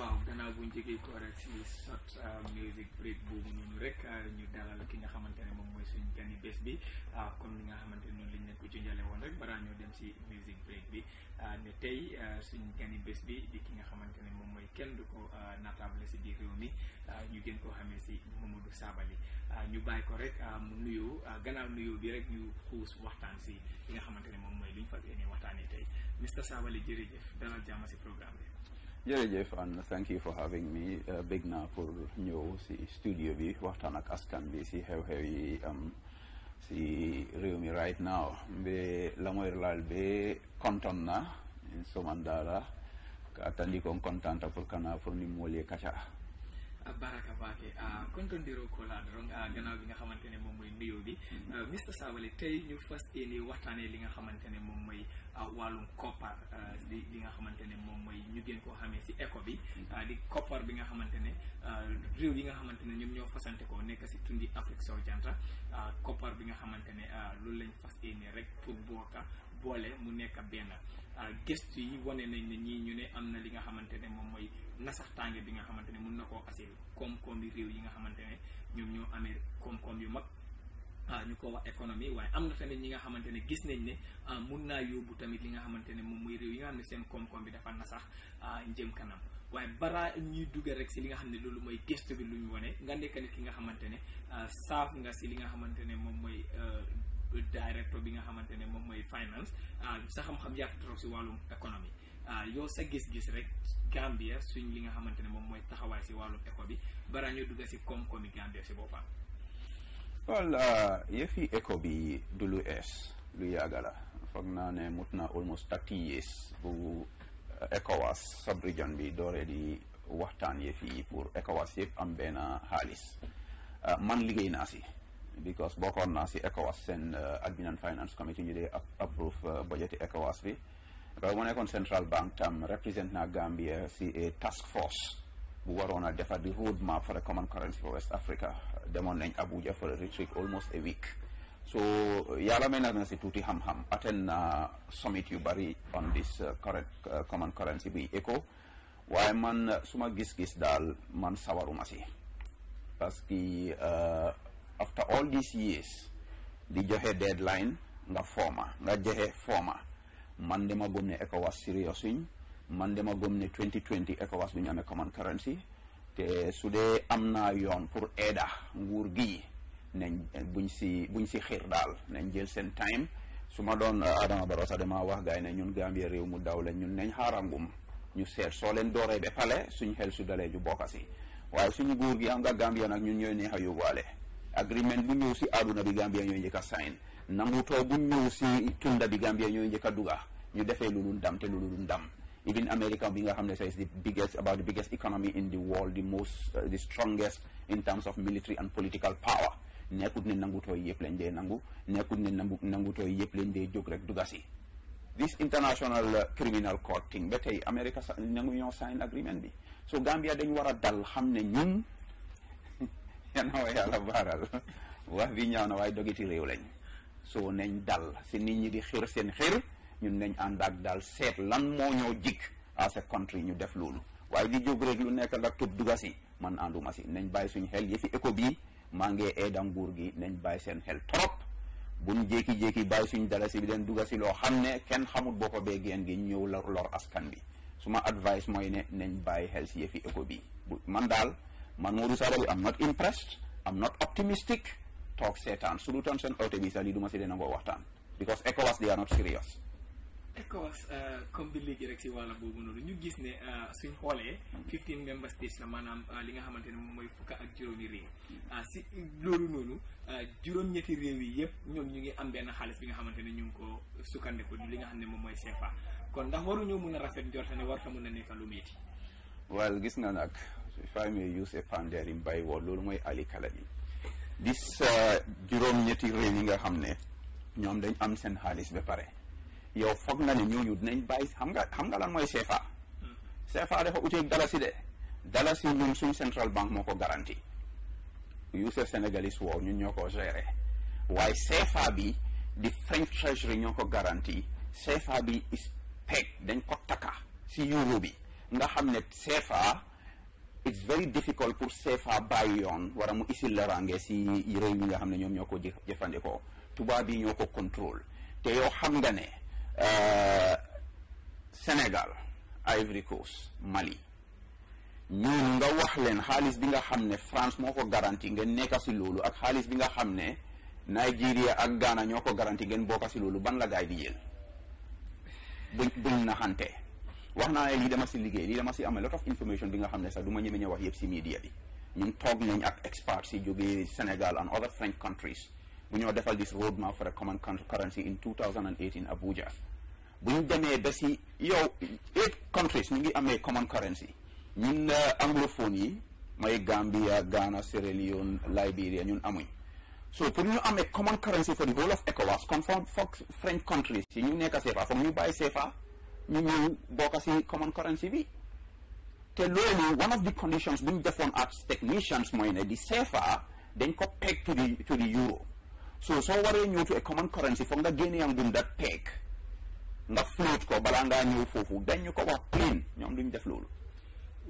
waaw gannaaw buñ ñu jógee ko rek si Short uh, Music Break boobu noonu rek uh, ñu dalal ki nga xamante ne moom mooy suñ benn bés bi uh, comme ni nga xamante ne noonu lañ leen ko junjale woon rek balaa ñoo dem si Music Break bi ne tey suñu gani bés bi ki nga xamante ne moom mooy kenn du ko natable si biir réew mi ñu gën koo xamee si Momodou Sabally ñu bàyyi ko rek mu nuyoo gannaaw nuyoo bi rek ñu xuus waxtaan si ki nga xamante ne moom mooy li ñu fas yéene waxtaanee tey Mr Sabally jërëjëf dalal jàmm si programme bi. jërëjëf and thank you for having me uh, bég naa pour ñëw si studio bi waxtaan ak askan bi si xew-xew yi am si réew mi right now mbe la moy laal be kontaan na en somandara ka tandi kontanta pour kana pour ni moole kaca Baraka Baake kontondiroo ko laa doroŋ gannaaw bi nga xamante ne moom mooy nuyoo bi Mr mm-hmm. euh, Sabally tey ñu fas yéene waxtaanee li nga xamante ne moom mooy wàllum koppar euh, di li nga xamante ne moom mooy ñu gën koo xamee si ECO bi mm-hmm. euh, di koppar bi nga xamante ne réew yi nga xamante ne ñoom ñoo fasante ko nekk si tundi Afrique sow janta koppar bi nga xamante ne loolu lañ fas yéene rek pour booka boole mu nekk benn Euh, gëstu yi wane nañ ne ñii ñu ne am na li nga xamante ne moom mooy nasaxtaange bi nga xamante ne mun na koo aseel koom-koom yi réew yi nga xamante ne ñoom ñoo amee koom-koom yu mag euh, ñu ko wax économie waaye am na tamit ñi nga xamante ne gis nañ ne euh, mun naa yóbbu tamit li nga xamante ne moom réew yi nga xam seen koom-koom bi dafa nasax jëm kanam waaye bara ñuy dugg rek si li nga xam ne loolu mooy gëstu bi lu ñu wane nga nekk nit ki nga xamante ne saaf nga si li nga xamante ne moom mooy director bi nga xamante ne moom mooy finance ah, sa xam-xam yaatu trop si wàllum économie ah, yow sa gis-gis rek Gambia suñ li nga xamante ne moom mooy taxawaay si wàllum éco bi bara ñu si koom-koomi Gambia si ah, éco bi du lu ees lu yàgg la foog naa ne mut na almost thirty years bu ECOWAS sub-region bi dooree di waxtaan yëf yi pour ECOWAS yëpp am benn xaalis man liggéey naa si. because bokkoon naa si ECOWAS seen euh, admin and finance committee ñu dee approve euh, budget ECOWAS bi mu nekkoon central bank tam represent naa Gambia si task force bu waroon a defar di road map for a common currency for West Africa demoon nañ Abuja for a retreat almost a week so yala may na si tuuti xam-xam attend na summit yu bari on this euh, current common currency bi ECO waaye man suma gis-gis daal man sawaruma si parce que after all these years di joxe deadline nga forma nga joxe forma man dama gëm ne ECOWAS serious suñ man dama gom ne 2020 ECOWAS du ñu amee common currency te su dee am naa yoon pour aida nguur gi nañ buñ si buñ si xiir daal nañ jël seen time su ma doon uh, Adama Barrow sax damaa wax gaay ne ñun Gambia réew mu daw la ñun nañ xaarangum ñu seet soo leen dooree ba pale suñ xel su dalee ju bokka si waaye suñu nguur gi am nga Gambia nag ñun ñooy neex a yóbbuwaale agreement bu ñëw si aduna bi Gambia ñooy njëkk a sign nangutoo bu ñëw si tunda bi Gambia ñooy njëkk a duga ñu defee loolu ndam te loolu ndam even America bi nga xam ne sax is the biggest about the biggest economy in the world the most uh, the strongest in terms of military and political power nekkut ne nangutooy yëpp lañ dee nangu nekkut ne nangu nangutooy yëpp lañ dee jóg rek duga si this international uh, criminal court thing ba tey America nangu ñoo sign agreement bi so a dal na ma yàlla baaral wax bi ñaaw na waaye dogiti réew lañ so nañ dal si nit ñi di xir seen xir ñun nañ ànd ak daal seet lan moo ñoo jikk à ce country ñu def loolu waaye di jóg rek lu nekk la tub duga si man ànduma si nañ bàyyi suñ xel yëfi éco bii maa ngi aida nguur gi nañ bàyyi seen xel trop buñ jékki-jékki bàyyi suñ dala si bi leen duga si loo xam ne kenn xamut ko bee geen gi ñëw lor lor askan bi su suma advice mooy ne nañ bàyyi xel si yëfi éco bii man Modou Sabally am not impressed am not optimistic toog seetaan su dutoon seen oote bi sax lii du ma si dee nangoo waxtaan because ECOWAS they are not serious ECOWAS euh, comme bi léegi rek si wàlla boobu noonu ñu gis ne euh, suñ xoolee fifteen member states la maanaam euh, li nga xamante ne moom mooy fukk ak juróomi réew hmm. si loolu noonu juróom-ñetti réew yi yëpp ñoom ñu ngi am benn xaalis bi nga xamante ne ñu ngi ko sukkandiku li nga xam ne moom mooy CFA kon ndax waruñoo mun a rafet njorte ne war ta mun a nekk lu métti. waaw gis nga nag if I may use a pandering by word loolu mooy alikala bi dis uh, juróom-ñetti réew yi nga xam ne ñoom dañ am seen xaalis ba pare yow foog nga ne ñooñu dinañ bàyyi xam nga xam nga lan mooy CFA mm-hmm. CFA dafa uteeg dalasi de dalasi ñun suñ central bank moo ko garanti use sénégalais woow ñun ñoo ko géré waaye CFA bi di French treasury ñoo ko garanti CFA bi is peg dañ ko takka si euro bi nga xam ne CFA it's very difficult pour CFA bàyyi yoon wara mu isil la si réew yi nga xam ne ñoom ñoo ko jëfandikoo tubaab yi ñoo ko contrôle te yoo xam nga ne euh, Sénégal Ivory Coast Mali ñoom nga wax leen xaalis bi nga xam ne France moo ko garanti ngeen nekka si loolu ak xaalis bi nga xam ne Nigeria ak Ghana ñoo ko garanti ngeen bokka si loolu ban la gaay bi jël buñ buñ naxante wax naa ne lii dama si liggéey lii dama si am lot of information bi nga xam ne sax du ma ñeme ñoo wax yëpp si media bi ñun toog nañ ak experts si jógee Sénégal and other French countries bu ñoo defal this road map for a common currency in 2018 Abuja bu ñu demee ba si yow eight countries ñu ngi amee common currency ñun uh, anglophone yi mooy Gambia Ghana Sierra Leone Liberia ñun amuñ so pour ñu amee common currency for the whole of ECOWAS comme foog French countries yi ñu nekk CFA bàyyi CFA ñu ñëw bokk si common currency bi te loolu one of the conditions bu ñu defoon ak technicians mooy ne di CFA dañ ko peg to the to the so soo waree ñëw to a common currency foog nga génne am duñ da peg nga float ko balaa ngaa ñëw foofu dañ ñu ko wax plain ñoom duñ def loolu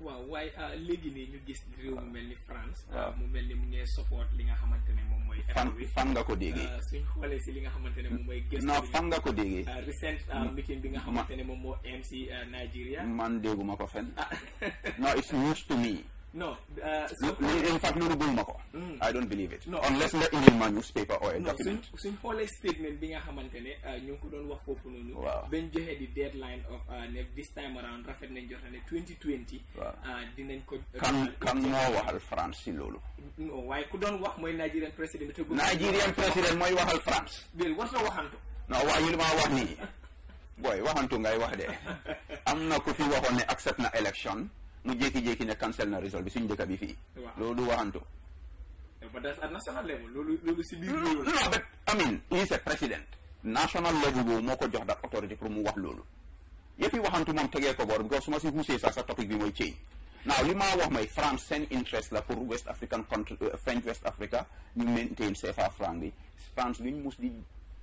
waaw waaye euh, léegi nii ñu gis réew mu mel ni France. waaw mu mel ni mu ngee support li nga xamante ne moom mooy. fan fan nga ko déggee. Euh, suñ xoolee li nga xamante ne moom mooy. gëstu non fan ko déggee. Euh, recent meeting bi nga xamante ne moom moo am si Nigeria. man dégguma ko fen ah. no it's news to me. No. Uh, so in fact, no, no, no, I don't believe it. No. Unless the Indian man newspaper or a no, document. Sun whole statement being a hamantene, you uh, couldn't work for Fununu. Wow. When you had the deadline of uh, this time around, Rafet Nenjohan 2020, wow. uh, uh France, Lolo. No, I couldn't work my Nigerian president. Nigerian president, my wahal France. Bill, what's the wahanto? No, why you know what boy waxantu ngay wax de am na ku fi waxoon ne accept na élection mu jékki-jékki ne cancel na result bi suñ dëkk bi fii. loolu du waxantu. Eh, but that's at national level loolu loolu si biir. loolu no but I mean he is a president. national level boobu moo ko jox daal autorité pour mu wax loolu. yëpp yi waxantu moom tegee ko boor because su ma si xuusee sax sa topic bi mooy change. now li maa wax may France seen interest la pour West African country euh, French West Africa ñu maintain CFA franc bi France duñ mus di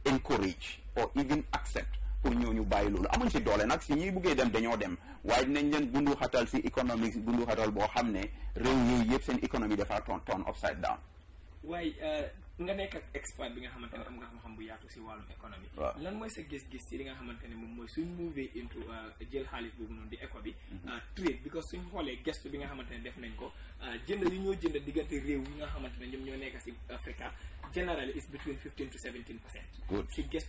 encourage or even accept. pour ñooñu bàyyi loolu amuñ si doole nag si ñuy buggee dem dañoo dem waaye dinañ leen bunduxatal si économie bunduxatal boo xam ne réew yooyu yëpp seen économie dafa ton ton upside down euh, nga nekk ak expert bi nga xamante ne am nga xam-xam bu yaatu si wàllum économie. lan mooy sa gis-gis si li nga xamante moom mooy suñ move into euh, mhm. euh, bi. nga xamante ne def nañ ko euh, ñoo jënd diggante réew yi nga xamante ne ñoom ñoo nekk si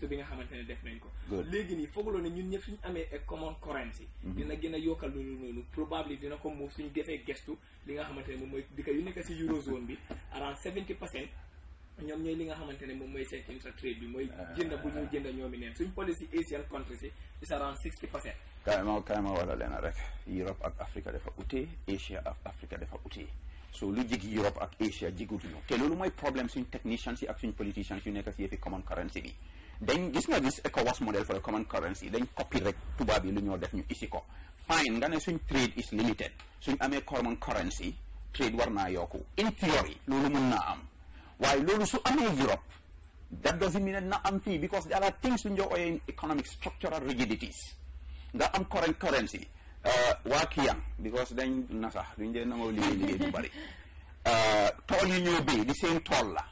bi nga xamante ne def nañ ko. léegi nii foogaloo ne ñun ñëpp suñ amee common currency. Mhm. gestu li nga xamante ne moom mooy di ko yu nekk si eurozone bi around seventy percent ñoom ñooy li nga xamante ne moom mooy seen intratrade bi mooy ah. jënd bu ñuy jënd ñoomi neen suñ policy asian countries yi is around sixty percent kaay ma kaay ma wala leena rek Europe ak Africa dafa Asia ak Africa dafa utee so lu jig Europe ak Asia jigutuñu te loolu mooy problème suñ technicians yi ak suñ politicians yu nekk si yëfi common currency bi dañ gis nga gis ECOWAS model for a common currency dañ copy rek tubaab yi lu ñoo def ñu isi ko fine nga ne suñ trade is limited suñ amee common currency trade war naa yokku in theory loolu mën am waaye loolu su amee Europe that doesn't mean na am fii because there are things suñ doo ooyee economic structural rigidities nga am current currency uh, waa kiyam because dañ na sax duñ dee nangoo liggéey liggéey bu bëri uh, tool yi ñoo béy di seen tool la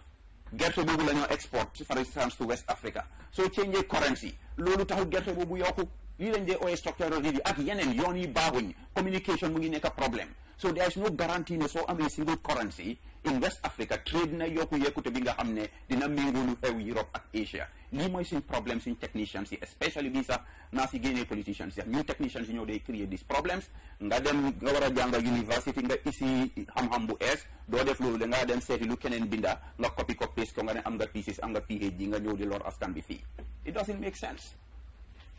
gerte boobu la ñoo export for instance to West Africa soo change currency loolu tax gerte boobu yokku lii lañ dee ooyee structural rigidity ak yeneen yoon yi baaxuñ communication mu ngi nekk problème so there is no guarantee ne soo amee single currency in West Africa trade na yokku yekkute bi nga xam ne dina méngoo lu xew Europe ak Asia lii mooy suñ problème suñ technicians yi especially bii sax naa si génnee politicians yi ñuy technicians yi ñoo day créer these problems nga dem nga war a jàng university nga isi xam-xam bu ees doo def loolu da ngaa dem seeti lu keneen binda nga copy copy paste ko nga ne am nga thesis am nga PhD nga ñëw di lor askan bi fii it doesn't make sense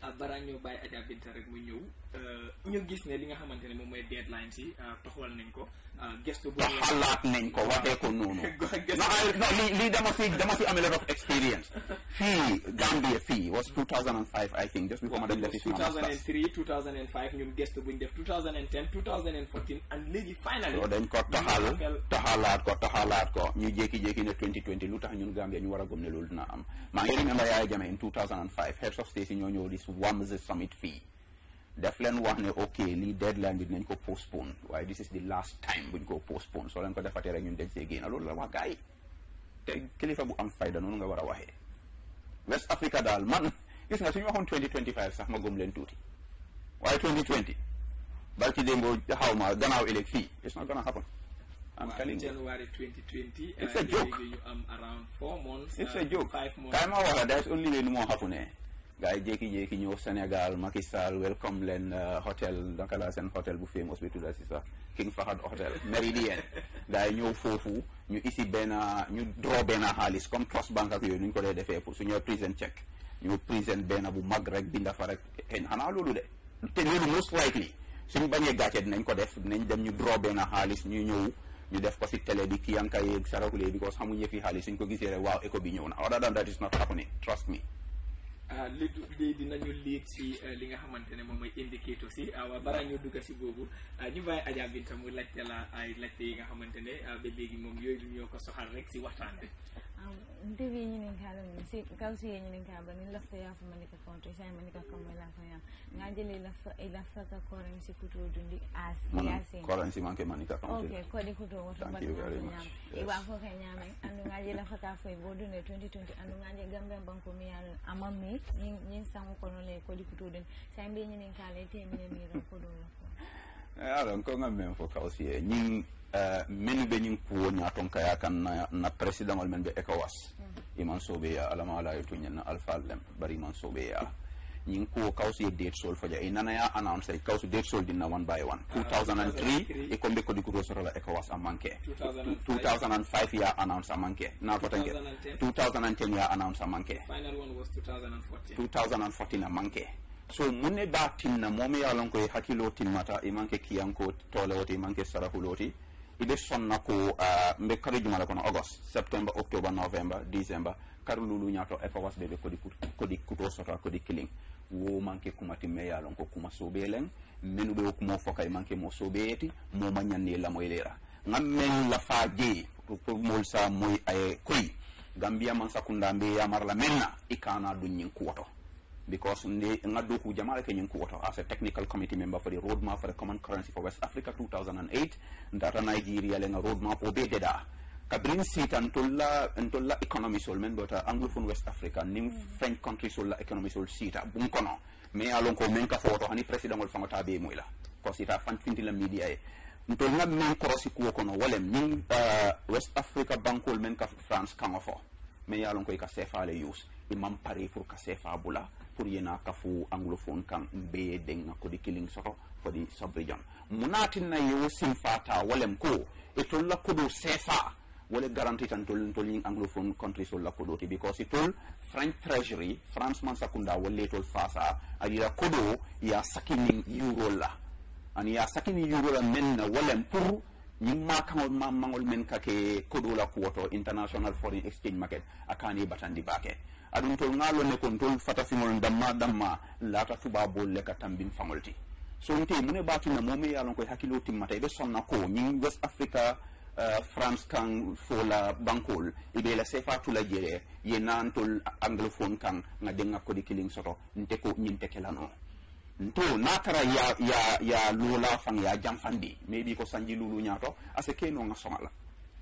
Ah, balaa ñoo bàyyi Adja Binta rek mu ñëw euh, ñu gis ne li nga xamante ne moom mooy deadline si euh, taxawal nañ ko gestu boobu te xalaat nañ ko waxee ko noonu. li li dama am a lot of experience. fii Gambia fii was 2005 I think just before ma dem defi. 2003 2005 ñun gestu buñ def ko taxal taxalaat ko taxalaat ko ñu jékki-jékki ne 2020 lu tax ñun Gambia ñu war a lu ne loolu am maa ngi remember Yaya Jammeh in heads of state ñoo ñëw this summit fii. def leen wax ne ok lii deadline bi dinañ ko postpone waaye this is the last time buñ ko postpone soo leen ko defatee rek ñun dañ see génn loolu la wax gars te kilifa bu am fayda noonu nga war a waxee West Africa daal man gis nga suñu waxoon 2025 sax ma gëm leen tuuti waaye 2020 barki démboo xaw ma gannaaw éleg fii it's not gonna happen am telling you January it's a uh, joke it's a uh, joke kaay ma wax la there's only way nu moo xapu ne gars yi jékki-jékki ñëw Sénégal Macky Sall welcome leen hôtel euh, daka laa seen hôtel bu famous bi tudda si sax King Fahad hôtel Méridien gars yi ñëw foofu ñu isi benn ñu draw benn xaalis comme Trust Bank ak yooyu nu ñu ko dee defee pour su check ñu prison benn bu mag rek binda fa rek xen xanaa loolu de te loolu most likely suñu bañee gàcce dinañ ko def dinañ dem ñu draw benn xaalis ñu ñëw ñu def ko si télé bi kii yanka yeeg sarakulee because xamuñ yëfi xaalis suñ gisee bi ñëw na Ah, li li dinañu liit si eh, li nga xamante ne moom mooy indicateur si ah, waaw balaa ñu dugg si boobu ah, ñu bàyyi Adja Binta mu laajte la ay laajte yi nga xamante ne ba léegi moom yooyu ñoo ko soxal rek si waxtaan bi. ntivi ñinin kaala min si kaw siye ñinin kaa ba nin lafta yaafu manika konto isa manika kambo lafa yaam nga jëli lafa lafa ka koren si kuto dundi as yasin koren si manke manika konto ok ko di kuto woto ba ñam iwa ka ñam andu nga jëli lafa ka fay bo dunde 2020 andu nga jëli gambe banko mi yal amami ñi ñi sangu ko no le ko di kuto den sa mbi ñinin kaala te ñinin mi ro eh, ko do la ko ala ko ngam men fo kaw siye ñing Uh, eh, min be ñin kuwo ñaton kaya kan na, na président wal men be ECOWAS mm. iman sobe ya alama ala yeto ñen na alfa lem bari iman sobe ya ñin kuwo kawsu ye date sol faja e nana ya announce ay kawsu date sol dinna one by one 2003 ah, e kombe ko dikuto soro la ECOWAS a manke 2005 ya announce a manke na fotanke 2010 ya announce a manke final one was 2014 2014 a manke so mun ne da tinna momi ya lon ko e hakkilo timmata e manke kiyanko tolewoti e manke sarahuloti iɓe sonna ko mbe kadi jumala kono augost septembre octobre novembre décembre kadi luluñato e fawas ɓe kodi kuto sota kodi kiling wo manque kumati meyalon ko kuma soɓe len menu ɓe o kumo foka e manque mo soɓeyeti moma ñanni lamoylera gam men lafa jeeyi pour mol sa moy aye koyi gam mbiyaman sakunda mbe yamarla menna i kana ɗum ñin kuwoto because nde ngaddoku jamare ke ñin kuwoto as a technical committee member for the road map for the currency for west africa 2008 nigeria lenga road map o be deɗa kabrin sita ntolla ntolla economy sol men dota anglophone west africa nin mm. french country sol la economy sol sita bum kono mais alon ko men ka fowoto hani président ngol fangota be moy la ko sita fanfintila media e ntol ngam men korosi kuwo kono walem nin uh, west africa bankol pour yena kafu anglophone kan mbe denga kodi kiling soto fodi subregion munatin na yo sinfata walem ko itol e la kodo sefa wala garanti tan tol tol ning anglophone countries wala kodo ti because itol e french treasury france man sakunda wala tol fasa adira kodo ya sakini euro la ani ya sakini euro la men na walem pour ñiŋ maakaŋol ma maŋol ka ke kodoo la kuwoto international foreign exchange market a kaani batandi aɗum tol ngalo ne kon tol fatasiŋol damma damma laata tubabol le ka tambin faŋol ti sonte mune batina momi ye a ko koye hakkilo timmata iɓe sonna ko ñin west africa uh, france kan fo la bankol iɓe la sefa tula jere ye naantol anglophone kan ga denga kodi kilin soto nte ko ñin te kelano nto na tara ya, ya, ya loola faŋ ya janfandi mais i ko sanji lulu ñato ase ke no ga soŋala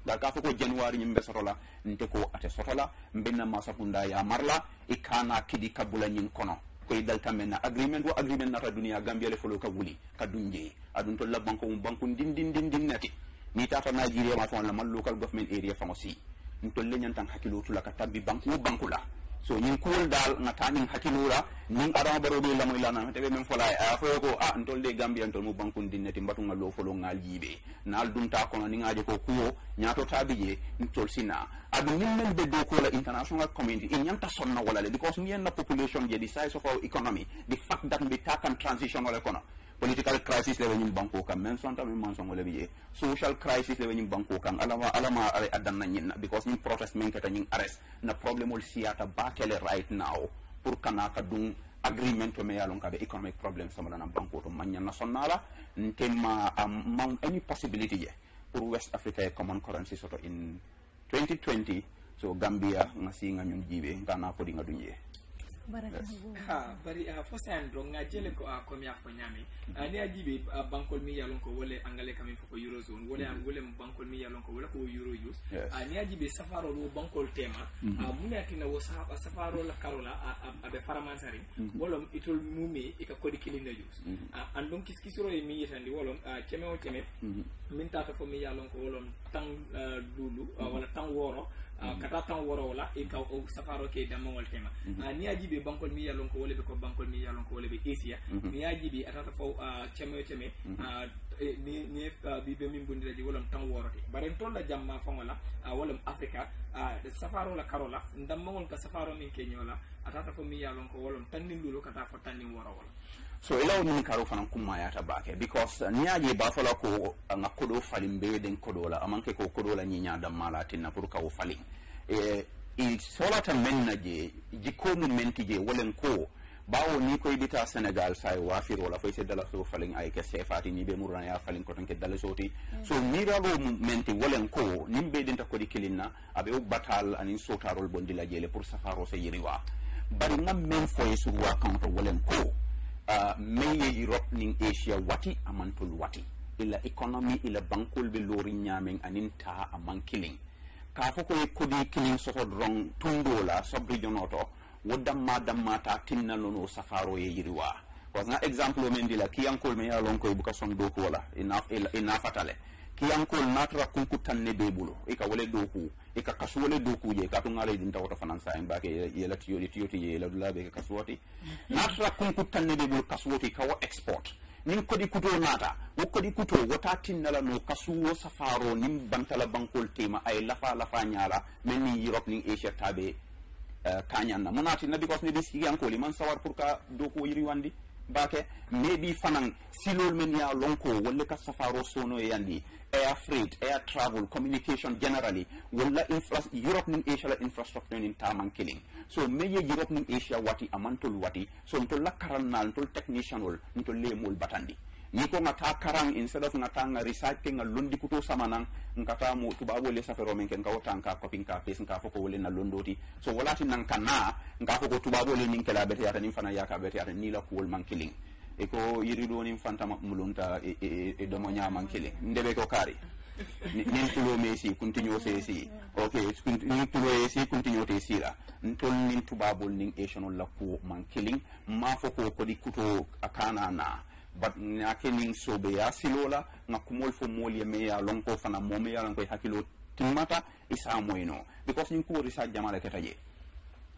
da ka fo ko januwari ñimɓe sotola nte ko ate sotola mbennama safunda ya marla e kana kidi kabbula ñin kono koye dalta men na agreement wo agreement nata duniya gambiyale folo ka wuli ka a jeeyi aɗum tolla banque mum banque ndin ndin ndin ndin nati mi tata nigeria ma fon lamal local government area fango si n tolle ñantan hakkilo tula ka tabbi banque wo banque la so yinkuwol dal gata ñin hakkilura nin adama baroɗo lamoy lanama teɓe min fola e aya ah, foyo ko a ah, ntol de gambien tol mu bankundinneti mbatugal lo folo ngal yiiɓe naal dumta kono nigaji ko kuwo ñatotaɓe je tol sina aɗum min men ɓe dow kola international community in ñanta sonna wolale because mbiyenna population je the size of our economy the fact that mbi takan transition ole kono political crisis leɓe ñing banko kam même sontamin mansogo leɓe jee social crisis leɓe ñing banko kan alama alama ala addanna ñinna because ñing protest min keta ñing na probléme ol siyata bakele right now pour kana ka ɗum me yalon kaɓe economic problème somalanan banko to mañanna sonnala ntenma um, man any possibility je pour west africa e common currency soto in 2020 so gambia nga si nga ñun jiiɓe ngana kodi nga duñjee ha bari uh, fo sayan ɗo ga jele ko a uh, komi a fo ñami a ni a jiɓe uh, bankol mi yalon ko wole engrais kamin fo ko eurozone wole mm -hmm. wole bankol mi yalon ko wole ko euro use yes. a jiɓe safarol wo bankol tema mm -hmm. uh, mune wo safarol karola aɓe faramansari mm -hmm. wolom itol mume ika kodi kilinda use mm mm-hmm. -hmm. uh, an ɗon kiskisiro e mi yitandi wolom uh, keme o keme mm -hmm. fo mi yalon ko wolom tan uh, dulu uh, wala tan Ah, mhm. kata tan worowo la e kaw o safaro ke dammawol tema mhm. ah, ni a jiiɓe bankol mi yallon ko wole ɓe ko bankol mi yallon ko wole ɓe asia mi a jiiɓi mhm. atata fof ceme ah, ceme e, ni ni ɓiɓe min bondiraji wolom tan worote baren tolla jamma fangola wolom africa safaro la karola dammawol ka safaro min keñola atata fof mi yallon ko wolom tannin lulo kata fo tannin worowola so ila wo min karo fana kummayata baake because uh, ni ye ba fola ko uh, nga kodo falin be den kodo la amanke ko kodo la ñiña dammala tinna pour ka wo falin e i solata men na je jikkomu men ti je wolen ko bawo ni koy dita sénégal say e wafiro la foy se dala so falin ay e ke sefati ni be murana ya falin ko tan ke dala soti mm. so mirago ko nim be dinta ko di kilinna abe o batal anin sotarol bondi la jele pour safaro se yiriwa bari ngam men foy e sur a kanto wolen ko uh, ah, menyeji rotnin asia wati amantul wati ila economy ila bankol be lori nyamen anin ta aman killing ka fo ko kodi killing so hod rong tundola sabri jonoto wodamma damma ta tinnalono safaro ye yiriwa wasna exemple men dila kiyankol me yalon koy buka son do ko wala ina ina fatale kiyankol natara kunkutan ne be bolo i e ka wale doku i e ka kasu wale doku je ka tun ala idin tawata fanan sa en bake yela tiyo ti tiyo ti yela dula be ka kasuwati natara kunkutan ne be bolo kasuwati ka wa export nin kodi kuto nata wo kodi kuto wota tinnala no i safaro nin bantala bankol tema ay lafa lafa ñala men ni europe nin asia tabe uh, eh, kañanna mo natinna because ne be sigiyankoli man sawar pour ka doko yiriwandi bake maybe fanan silol men ya lonko walla ka safaro sono e yandi air freight air travel communication generally walla infra europe nin asia la infrastructure nin taman killing so meje europe nin asia wati amantol wati so ntol la karannal ntol technician ol ntol lemol batandi ni ko ngata karang instead of ngata nga research ke nga londi kuto samanang ngata mo tubabo le safero men ke ngawta nka ko pinka pes nka foko wole na londoti so walati nan kana nka foko tubabo le nin kala bete yata nin fana yaka bete yata eko yiriɗo nin fantama mulunta e, e, e, e domo ñamankele ndeɓe ko kaari nin tuloome si continuo se si ok nin tuloye si continuo te sira tol nin tubabol nin esionol la kuwo man kelin ma fo ko kodi kuto a kana na bat nake siloo la silola ŋakkumol fo mool ye meya lonko a momeya lonko e hakkilo timmata isa moyno because nin kuwo research jamala keta je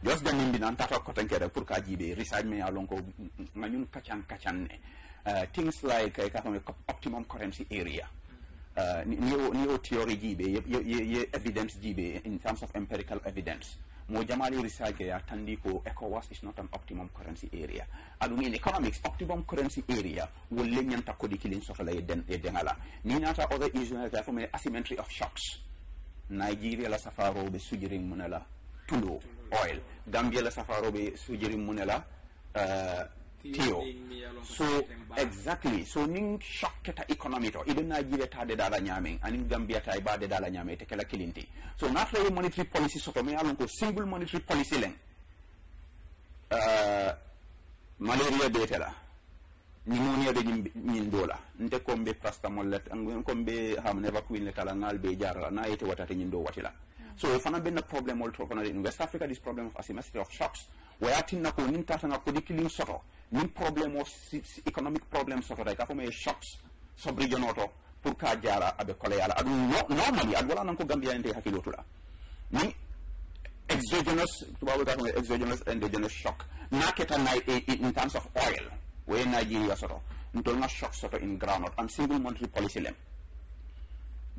jos jañimɓinan tata kotenkere pour ka jiiɓe research me alon ko gañum kacan kacanne euh, things like euh, ka fami optimum currency area mm-hmm. euh, ni o théorie jiiɓe ye evidence jiiɓe in terms of empirical evidence mo jamali research ya tandi ko ecowas is not an optimum currency area aɗum in economics optimum currency area wolle ñanta kodi kilin sohla e dengala ni nata other issues ka fami asymmetry of shocks nigeria la safaroɓe sujirin munala tulo mm -hmm. oil Gambia la safaro be sujiri munela uh, tiyo so exactly so ning shokketa economy to iɗen najiɓe tade dala ñamen anin gambia ta e bade dala ñame te kala kilinti so natawi monetary policy soto mais alon ko single monetary policy len uh, malaria ɓeetela pneumonia ɓe ñin dola nte komɓe prastamol let komɓe hamneva quin le la ngal ɓe jarala na yete watata ñin do watila so e fana ɓenna probléme ol to fana in west soto nin probléme o si, si économique probléme sotota ka foma e shocks sob region o to pour ka jara aɓe koleyala aɗum no, normally aɗa wala nan ko gambia ente hakkilo tuɗa ni exogenous tubaɓo ka foma exogenous endogenous shock naketa nay in terms of oil woye nigeria soto ntolga shock soto in groundnut and single monetary policy lem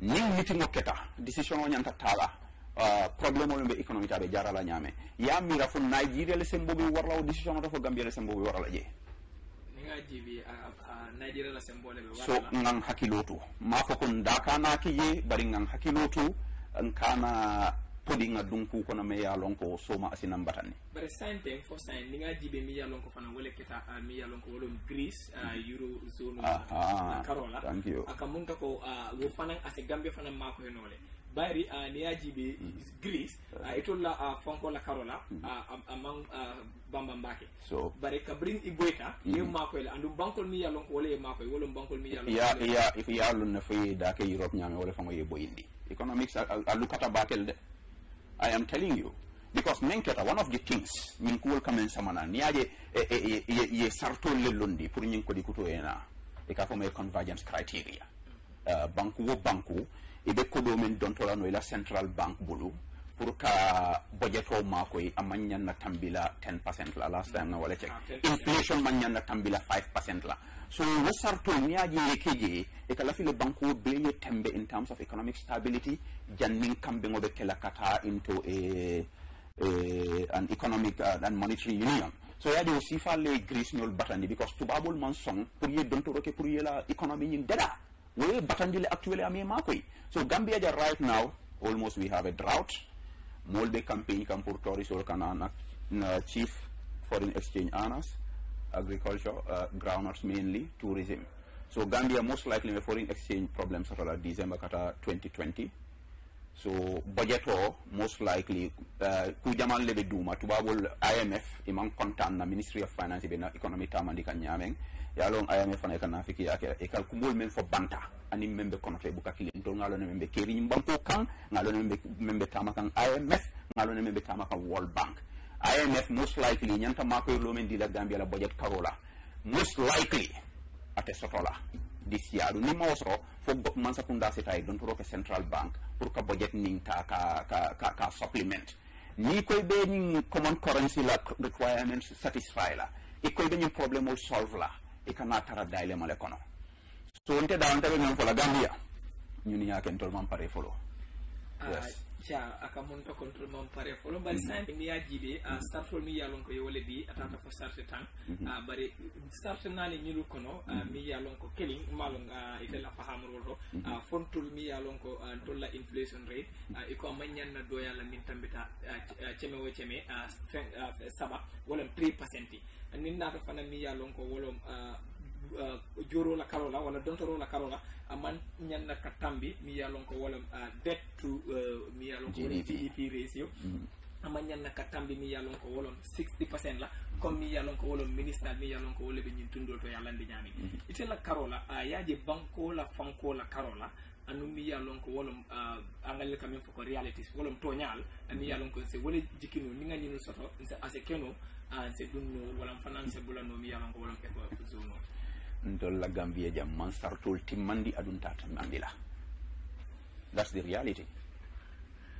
nin mitingo keta décision ñanta tala uh, problème olu be économique aɓe jarala ñaame ya mira fo nigeria o décision ota fo gambia le sembo ɓe warala ƴee so ngan hakkilo to ma fo kon dakanaki je bari ngan hakkilo to nkana podi nga dunku kono me ya lonko soma asinan batani fo sain ni nga jibe mi ya lonko fana wole keta uh, mi bari liyaji ah, ɓe mm-hmm. greece e ah, tolla ah, fonkola karola mm-hmm. among bamba mbake so bare ka brin i boyta mm-hmm. ye makoyle andum bankol mi yallon ko wala ye makoye wolon bankol mi yallon ya ya ya allun na fayi da ke europe nyame wala fango ye boyindi economics alu kata bakel de i am telling you because men keta one of the things min kuwol kamen samana ni aje e, e, e, ye, ye, ye sartol le londi pour ñing ko di kuto ena ka fo convergence criteria uh, banku iɓe koɗomin dontoranoyla central bank bulu pour ka budget o makoy a mañanna tambila 10 percent la last time na wala cek ah, inflation mañanna tambila 5 percent la so wo sarto niyaji yekeje e kala file banko bele tembe in terms of economic stability jannin kamɓe ngoɓe kela kata into e eh, an economic uh, and monetary union so yaade o sifalle grisñol batandi because tubabol man son pour ye dontoroke pour yela économie ñin deɗa where Patanjali actually amemaakoi so Gambia ja right now almost we have a drought molɓe campaign kam pour tourisol kana na uh, chief foreign exchange earners agriculture uh, mainly tourism so Gambia most likely ɓe foreign exchange problem sotola December kata 2020 so budget o most likely uh, ku jaman le ɓe duuma tubaabol IMF iman kontaan na ministry of finance ɓe na economy tamandi kan ñaamen yalon ayame fana kana fiki ake e kal kumbol men fo banta ani membe konote buka kilen to ngalo membe keri nyimbanko kan ngalo membe membe tama kan IMF ngalo membe tama World Bank IMF most likely nyanta mako lo men dila Gambia la budget karola most likely ate sotola this year ni mawso fo man sakunda setay don toro central bank pour ka budget ning ka ka ka, ka supplement ni koy be ni common currency la requirements satisfy la e koy be i kana tara dayile male kono so nte dawa nte be men fola gambia ñun ya ken tol man pare folo ah, yes ca aka munta control man pare folo bari mm-hmm. sa ah, mm-hmm. mi ya jibe a startol mi yalon ko yole bi atata fo starte tan a bari starte nani ñilu kono mi yalon ko kelin malon a ite la fahamul to a fontul mi yalon ko tolla inflation rate e ko manyan na do yalla min tambita ah, ceme wo ceme saba wala 3% ninnaɗo fana ah, ah, ah, mi ya lon ko wolom jorola karola walla dontorola karola aman ñanna ka tambi mi ya lon ko wolom det to mi ya lon ko wolom gdp ratio ama ñanna ka tambi mi ya lon ko wolom 60 percent la comme mi yalon ko wolo ministre mi yalon ko wolo ɓe ñin tundol to yallande ñaami mm-hmm. itela karola a yaaje bankola fankola karola anum mi yalon ko wolom angalle kamin fo ko réalitis wolom toñal mi mm-hmm. yalon ko so wole a ni gañino soto so ase an se ɗum no walan the reality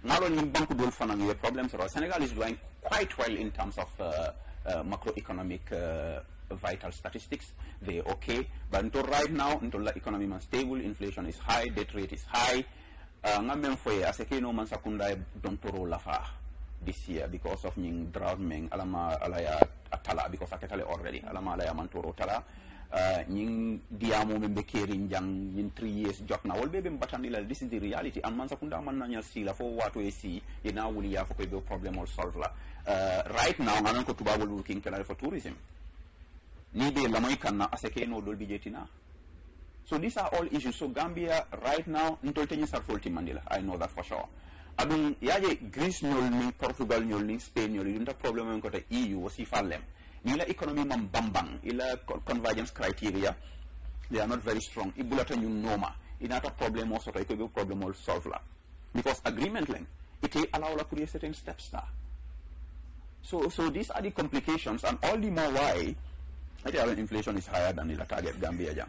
ngalon yim banque dol fanan yo probléme soro sénégal is doing quite well in terms of uh, uh, uh vital statistics they are but until right now until the economy man stable inflation is high debt rate is high uh, ngam men foye asake no man sakunda don toro lafa this year because of nying drought meng alama alaya atala because aketale already alama alaya mantoro tala ñing uh, diamo men be kerin jang ñin 3 years jotna wol be be batandi la this is the reality am man sakunda man nanya si la fo wato e si ina wuli ya fo ko be problem or solve la uh, right now manan ko tuba wol king kala for tourism ni be la moy kanna aseke no dol bijetina so these are all issues so gambia right now ntoltenyi abin yaje Greece ñol ni Portugal ñol ni Spain ñol ni ndax problème en côté EU aussi fallem ni la economy mam bambang ila convergence criteria they not very strong ibulata ñun noma inata problème o soto ko problème o solve la because agreement leng ite allow la pour certain steps na so so these are the complications and all the more why I think inflation is higher than the target Gambia jam.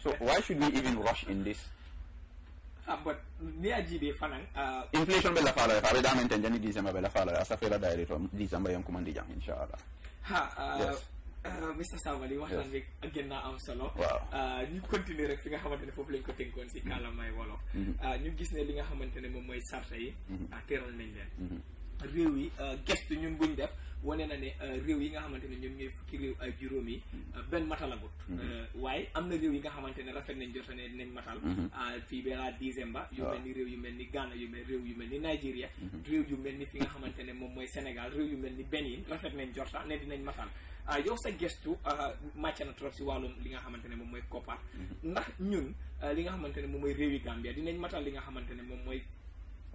So why should we even Uh, but ni ajibe fanan uh, inflation be la fala ya fare damen tan jani december be la fala ya safira daire to december yan kuma dijam inshallah ha uh, yes. Uh, Mr Savali waxtaan bi ak gën am solo ñu continuer rek fi nga xamante ne foofu lañ ko tënkoon si mm-hmm. kàllaamay wolof mm-hmm. ñu gis ne li nga xamante ne moom mooy sarta yi mm-hmm. teral nañ leen réew yi gestu ñun buñ def wane na ne euh, réew yi nga xamante ne ñoom ñooy fukki réew ak juróom yi mm-hmm. euh, benn matalagut mm-hmm. euh, waaye am na réew yi nga xamante ne rafet nañ jotane nañ matal mm-hmm. ah, fii balaa décembre yu mel réew yu mel ni Ghana yu mel réew yu mel ni Nigeria réew yu mel ni fi nga xamante ne moom mooy Sénégal réew yu mel ni Benin rafet nañ jorta ne dinañ matal ah, yow sa gestu ah, màcc na trop si wàllum li nga xamante ne moom mooy koppar ndax ñun li nga xamante ne moom mooy réewi Gambia dinañ matal li nga xamante ne moom mooy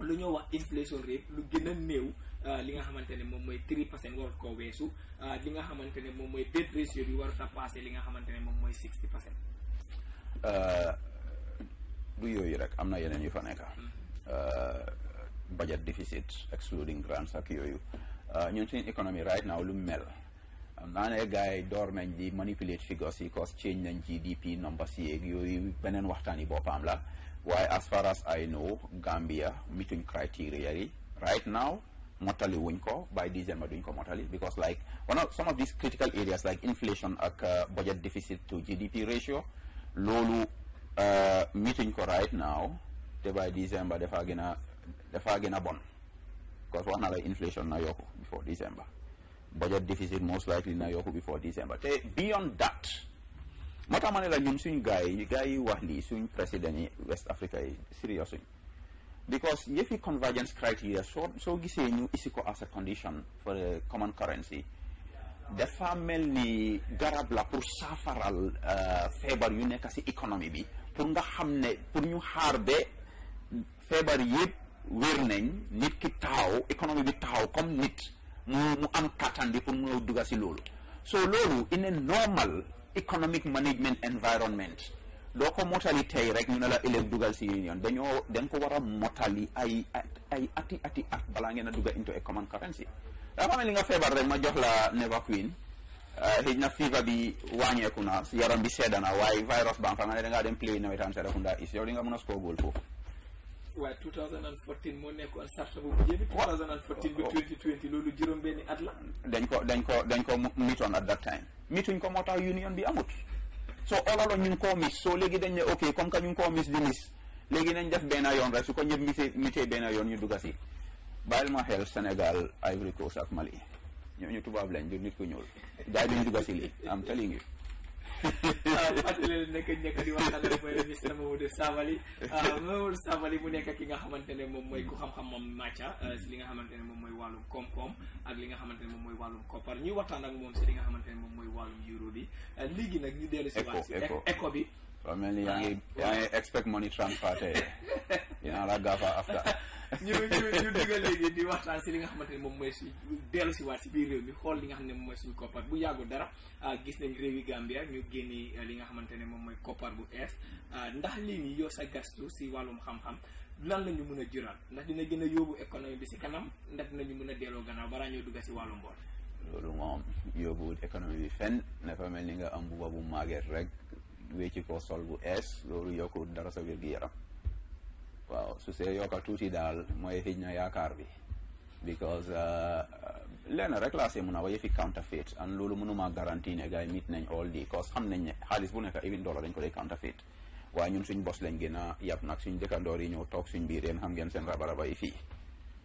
lu ñoo wax inflation rate lu gën a néew euh, li nga xamante ne moom mooy 3 percent war koo weesu euh, li nga xamante ne moom mooy debt ratio bi warut a passé li nga xamante ne moom mooy 60 percent. Euh, du yooyu rek am na yeneen yu fa nekk. Hmm. budget deficit excluding grants ak yooyu ñun suñu économie right now lu mel. am naa ne gars yi door nañ di manipulate figures yi cause change nañ GDP numbers yeeg yooyu beneen waxtaan yi boppam la. waaye as far as I know Gambia meeting criteria yi right now motali wuñ ko by December duñ ko motali because like one of some of these critical areas like inflation ak uh, budget deficit to GDP ratio loolu uh, meeting ko right now te by December dafaa gën a dafaa a bon because wax na inflation na yokku before December budget deficit most likely na yokku before December te beyond that moo tax ma ne la ñun suñu gars yi gars yi wax lii suñ président yi West Africa yi sérieux suñ because yëfi convergence criteria soo soo gisee ñu isi ko as a condition for a common currency dafa mel ni garab la pour saafaral euh, feebar yu nekk si économie bi pour nga xam ne pour ñu xaar ba feebar yëpp wér nañ nit ki taxaw économie bi taxaw comme nit mu am kattan bi pour mu dugga si loolu so loolu in a normal economic management environment doo ko motali tey rek ñu ne la élève dugal si union dañoo dañ ko war a motali ay ay ati ati at balaa ngeen a duga into a common currency daa xam ne li nga feebar rek ma jox la Nevaquin ah, xëy na fever bi wàññeeku na yaram bi sedda na waaye virus ba am fa nga ne dangaa dem play nawetaan Serekunda is yow di nga mën a scoogul foofu waaye 2014 moo nekkoon sarta boobu yëpp 2014 ba 2020 loolu juróom-benni at la. dañ ko dañ ko dañ ko mitoon at that time mituñ ko moo tax union bi amut so ololo ñu koo mis so léegi dañ ne ok comme que ñu ngi koo mis di mis léegi nañ def benn yoon rek su ko ñëpp misee misee benn yoon ñu dugga si bàyyil ma xel Sénégal Ivory Coast ak Mali ñooñu tubaab lañ du nit ku ñuul gars yi duñ dugga si lii am telling you Ah, fàttali leen nekk ñekk di wax ak mooy Mr Mamadou Sabally ah, Mamadou Sabally mu nekk ki nga xamante ne moom mooy ku xam-xam moom màcca ah, si li nga xamante ne moom mooy wàllum koom-koom ak nga xamante ne moom mooy wàllum koppar ñuy waxtaan ak moom si li nga xamante ne moom mooy wàllum euro bi léegi nag ñu dellu si waat si éco bi waaw mel ni yaa ngi yaa ngi expect money transfer tey dinaa la gaafa after ñu ñu ñu léegi di waxtaan si li nga xamante ne moom mooy suñu dellu si waat si biir réew mi xool li nga xam ne moom mooy suñu koppar bu yàggul dara ah, gis nañ réewi Gambia ñu ah, li nga xamante ne moom mooy koppar bu ees ah, ndax lii nii yow sa gastu si wàllum xam-xam lan la ñu mën a jural ndax dina gën a yóbbu économie bi si kanam ndax ñu mën a delloo gannaaw balaa ñoo dugg si wàllu mbool. loolu moom yóbbuwul économie bi fenn dafa mel ni nga am mbuba bu màgget rek wécci ko sol bu ees loolu yokkul dara sa wér gi yaram waaw su see yokka tuuti daal mooy xëj na yaakaar bi because uh, uh, lenn rek laa see mun a wa yëfi counterfeit an loolu mënuma garantie ne gars yi mit nañ all di cause xam nañ ne xaalis bu nekk even dollar dañ ko dee counterfeit waaye ñun suñ bos lañ gën a yàpp nag suñ dëkkandoor yi ñëw toog suñ biir yéen xam ngeen seen rabaraba yi fii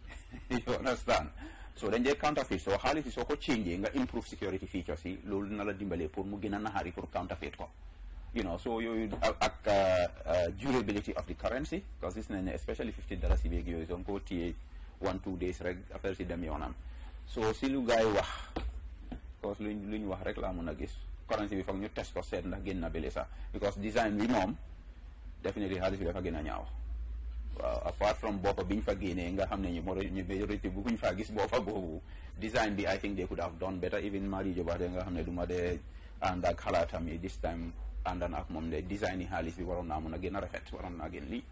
you understand so dañ dee counterfeit soo xaalis yi soo ko changé nga improve security features yi loolu na la dimbalee pour mu gën a naxari pour counterfeit ko you know yooyu ak uh, uh, durability of the currency because gis nañ ne especially fifty dalasi beeg yooyu soo ko téye one two days rek affaire si dem yoonam so si lu yi wax because lu ñu wax rek laa mun a gis currency bi foog ñu test ko seet ndax génn na bële sax because design bi moom definitely xaalis bi dafa gën a ñaaw waaw apart from bi ñu fa génnee nga xam ne ñu majorité bu kuñ faa gis boppa boobu design bi I think they could have done better even Marie Jobarteh nga xam ne du ma dee ànd ak xalaatam yi this time àndaan ak moom ne design yi xaalis bi waroon naa mun a gën a rafet waroon naa gën lii.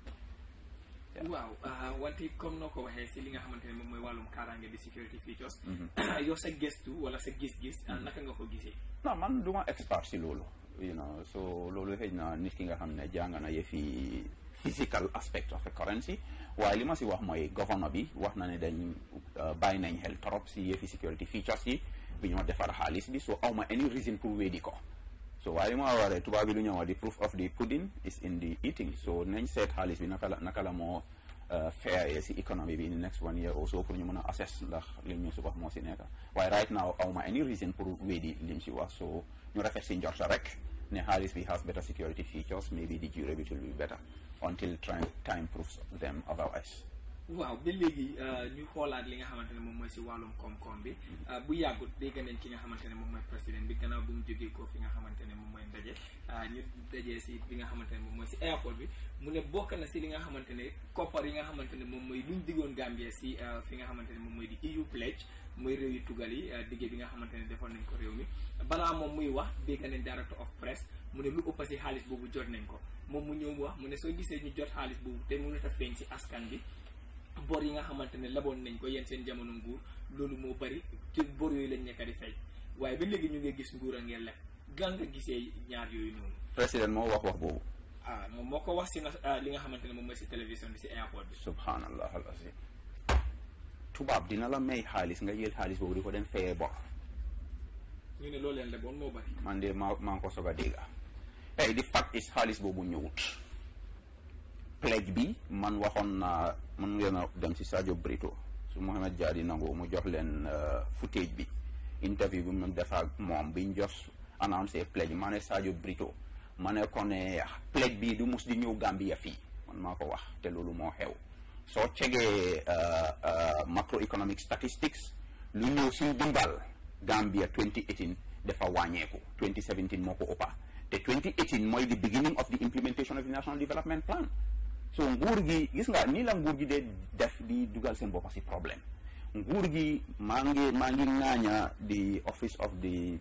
waaw wante uh, comme noo ko waxee si li nga xamante ne moom mooy wàllum kaaraange bi security features. Mm-hmm. yow sa gëstu wala sa gis-gis uh, mm-hmm. naka nga ko gisee. non man du ma expert si loolu. you so loolu xëy na nit ki nga xam ne jàng na yëfi physical aspect of a currency waaye li ma si wax mooy governor bi wax na ne dañ uh, bàyyi nañ xel trop si yëfi security features yi bi ñoo defar xaalis bi so awma any reason pour weddi ko. so waaye maa waree tubaab bi lu di proof of the pudding is in the eating so nañ seet xaalis bi naka la naka la moo uh, fair si économie bi in the next one year or so pour ñu mën a assess ndax lim ñu si wax moo si nekk waaye right now awma any reason pour wéedi lim wax so ñu rafet si njorta rek ne xaalis bi has better security features maybe the durability will be better until time proves them otherwise waaw ba léegi euh, ñu xoolaat li nga xamante ne moom mooy si wàllum koom-koom bi euh, bu yàggut dégg nañ ki nga xamante ne moom mooy président bi gannaaw bu mu jógee ko fi nga xamante ne moom mooy ndaje euh, ñu dajee si bi nga xamante ne moom mooy si airport bi mu ne bokk na si li nga xamante ne koppar yi nga xamante ne moom mooy luñ diggoon Gambia si fi nga xamante ne moom mooy di EU pledge mooy réew yu tugal yi digge bi nga xamante ne defoon nañ ko réew mi balaa moom muy wax dégg ne director of press mu ne lu ëpp si xaalis boobu jot nañ ko moom mu ñëw wax mu ne soo gisee ñu jot xaalis boobu te mënut a feeñ si askan bi bor yi nga xamante ne laboon nañ ko yéen seen jamono nguur loolu moo bari ci bor yooyu lañ nekk di fay waaye ba léegi ñu ngi gis nguur a ngeen lekk gan nga gisee ñaar yooyu noonu. président moo wax wax boobu. ah moom moo ko wax si nga ah, li nga xamante ne moom mooy si télévision bi si airport bi. subhanallah al azim tubaab dina la may xaalis nga jël xaalis boobu di ko dem fayee bor. ñu ne loolu leen leboon moo bari. man de maa maa ngi ko soog a dégg tey di fact is xaalis boobu ñëwut. pledge mën ngeen a dem si Sadio Brito su jaar Diadi nangoo mu jox leen euh, footage bi interview bi mu def ak moom biñ jox annoncé pledge ma ne Sadio Brito ma ne ko bi pledge du mus di ñëw Gambia fii man maa ko wax te loolu moo xew soo cegee euh, euh, macroeconomic statistics lu ñëw suñ dimbal Gambia 2018 dafa wàññeeku 2017 moo ko ëppa te 2018 mooy the beginning of the implementation of the national development plan so nguur gi gis nga nii la nguur gi de def di dugal seen bopp si problème nguur gi maa ngi maa ngi ŋaaña the office of the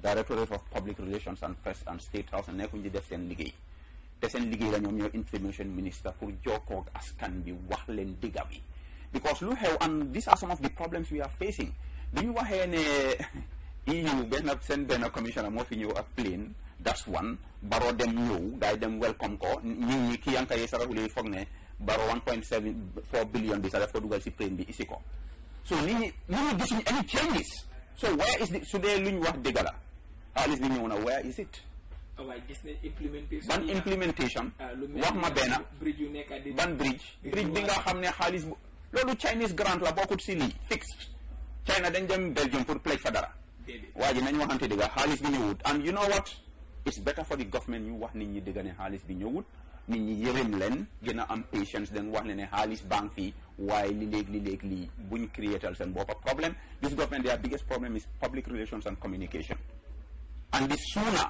directorate of public relations and press and state house nekkuñ di def seen liggéey te seen liggéey la ñoom ñooy information minister pour jokkoo ak kan bi wax leen digga bi because lu xew and these are some of the problems we are facing bi ñu waxee ne EU benn seen benn commissioner moo fi ñëw ak plane that's one baro dem ñëw gars dem welcome ko nit ñi ki yanka yi saraxule yi foog ne Barrow one point seven four billion bi sax daf ko dugal si plane bi isi ko so nit ñi nit ñi gisuñu any changes so where is the su dee lu ñu wax dëgg la xaalis bi ñëw na where is it ah gis nañ implementation ban implementation ah, wax ma benn ban bridge bridge bi nga xam ne xaalis bu loolu Chinese grant la bokkut si lii fixed China dañ dem Belgium pour pledge fa dara waa ji nañ waxante dëgg xaalis bi ñëwut and you it's better for the government ñu wax nit ñi dégg ne xaalis bi ñëwut nit ñi yërëm leen gën am patience dañ wax ne ne xaalis banque fii waaye li léeg li léeg lii buñ créétal seen boppa problème this government their biggest problem is public relations and communication and the sooner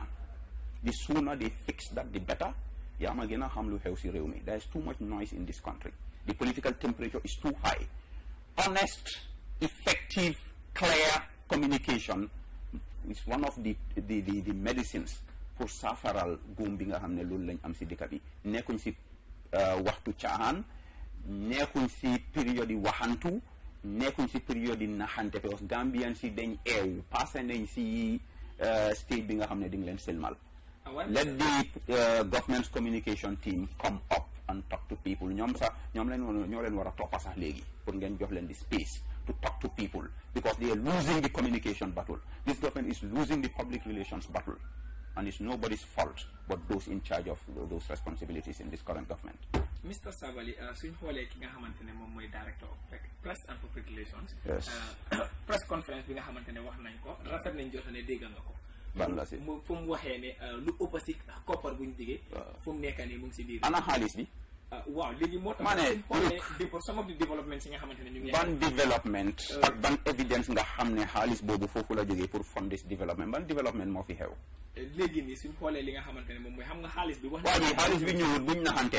the sooner they fix that the better yaa ma gën a xam lu si réew mi there is too much noise in this country the political temperature is too high honest effective clear communication pour saafaral góom bi nga xam ne loolu lañ am si dëkk bi nekkuñ si euh, waxtu caaxaan nekkuñ si période yi waxantu nekkuñ si période yi naxante parce que Gambien si dañ eew passé nañ si euh, state bi nga xam ne di nga leen selmal ah let the euh, government's communication team come up and talk to people ñoom sax ñoom leen ñoo leen war a toppa sax léegi pour ngeen jox leen di space to talk to people because they are losing the communication battle this government is losing the public relations and it's nobody's fault but those in charge of those responsibilities in this current government. Mr. Sabali uh, suñ xoolee ki nga xamante ne moom mooy director of press and public relations. yes uh, press conference bi nga xamante ne wax nañ ko rafet nañ jot ne dégg nga ko. ban la si mu fu mu waxee ne uh, lu ëpp si koppar bu diggee. fu mu nekk nii mu ngi si biir. ana xaalis bi. Euh, waaw léegi moo tax. ma ne some of nga xamante ne ñu ngi. ban development. Euh, ak ban evidence nga xam ne xaalis boobu foofu la jógee pour fund this development ban development moo fi xew. Euh, léegi nii li nga xamante ne moom mooy xam nga xaalis bi. wax nañu waaw xaalis bi ñëwul buñ naxante.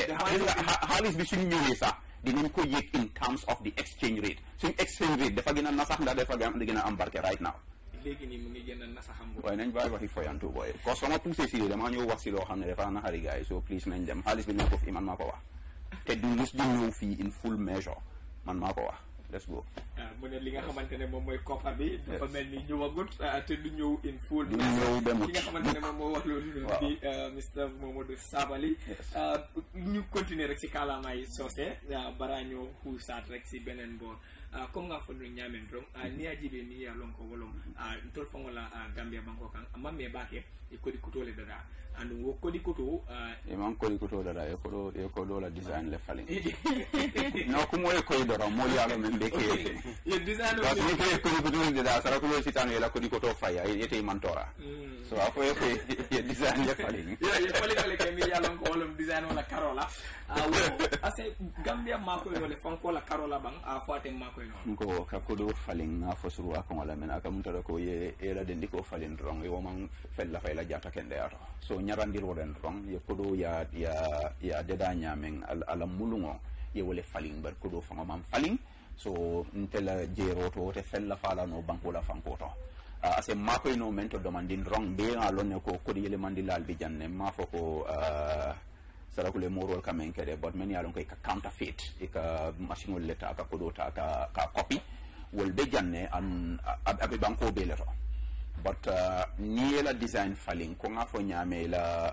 xaalis bi suñ ñëwee sax dinañ ko yëg in terms of the exchange rate suñ exchange rate dafa gën a nasax ndax dafa gën a right now. a nasaxam. waaye nañ bàyyi waxi foyantu booy. parce que ma tuusee si damaa ñëw wax si loo xam ne dafa naxari so please nañ dem xaalis bi ñu ko fii man maa ko wax te du mus di ñëw fii in full measure man maa ko wax let's go. Ah, mu ne li nga xamante ne moom mooy COPPA bi. dafa mel ni ñëwagut ah, te du ñëw in full. du ñëw demut ki nga xamante ne moom moo wax loolu. waaw di ah, Mr Momodou Sabally. ñu continuer rek si kàllaama yi soose. bara ñoo xuusaat rek si beneen boor comme nga fo nu ñaamen dom mm-hmm. ni a jibe ni ya lon ko wolom ntol fangola gambia banko kan mamme baake e kodi kutole dada andum wo kolikoto ah, e eh, man kolikotoɗoɗa a koɗo e koɗola design le falin eh, non kumo e koye ɗoto moƴaɗo men ɓe keete mi koye kolikotoɗeɗa sara kumo sitano yela kolikoto faya yete mantora mm. so a fo ekoye ye design le falin ye falikole ke mi yalon ko wolom design wala karola awo ah, ase gambia makoye nole fankola karola ɓan a fo aten makoye non ko ka koɗo falin a fosuru a kogola men aka mum taɗa ko ye ela ko falin doron e woman fella fayla jata kendeyato so ñarandiroɗen ton ye koɗo ya ya ya deda ye wole faliŋ bari koɗo faŋo maŋ so ntela jeero to fella faala no banko la fanko to uh, ase makoyno men to domandin rong mbiyeŋa lonne ko koɗo yelemandi laalbi janne ma ko uh, sarakule morol kamen kede but men yalon ko koɗo ta ka ka copy wolɓe janne aɓe banko ɓe le to but uh, ni yela design falling ko nga fo nyame la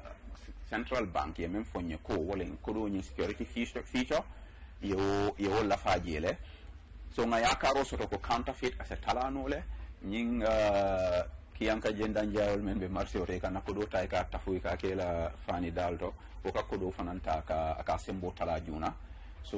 central bank ye mem fo nye ko wala ko do ni security feature feature yo yo la fajele so nga yakaro soto ko counterfeit ase talano le nying uh, kiyanka jenda njawol men be marché ote kana kodo tay ka tafuy ka kela fani dalto o ka kodo fananta ka ka sembo tala juna so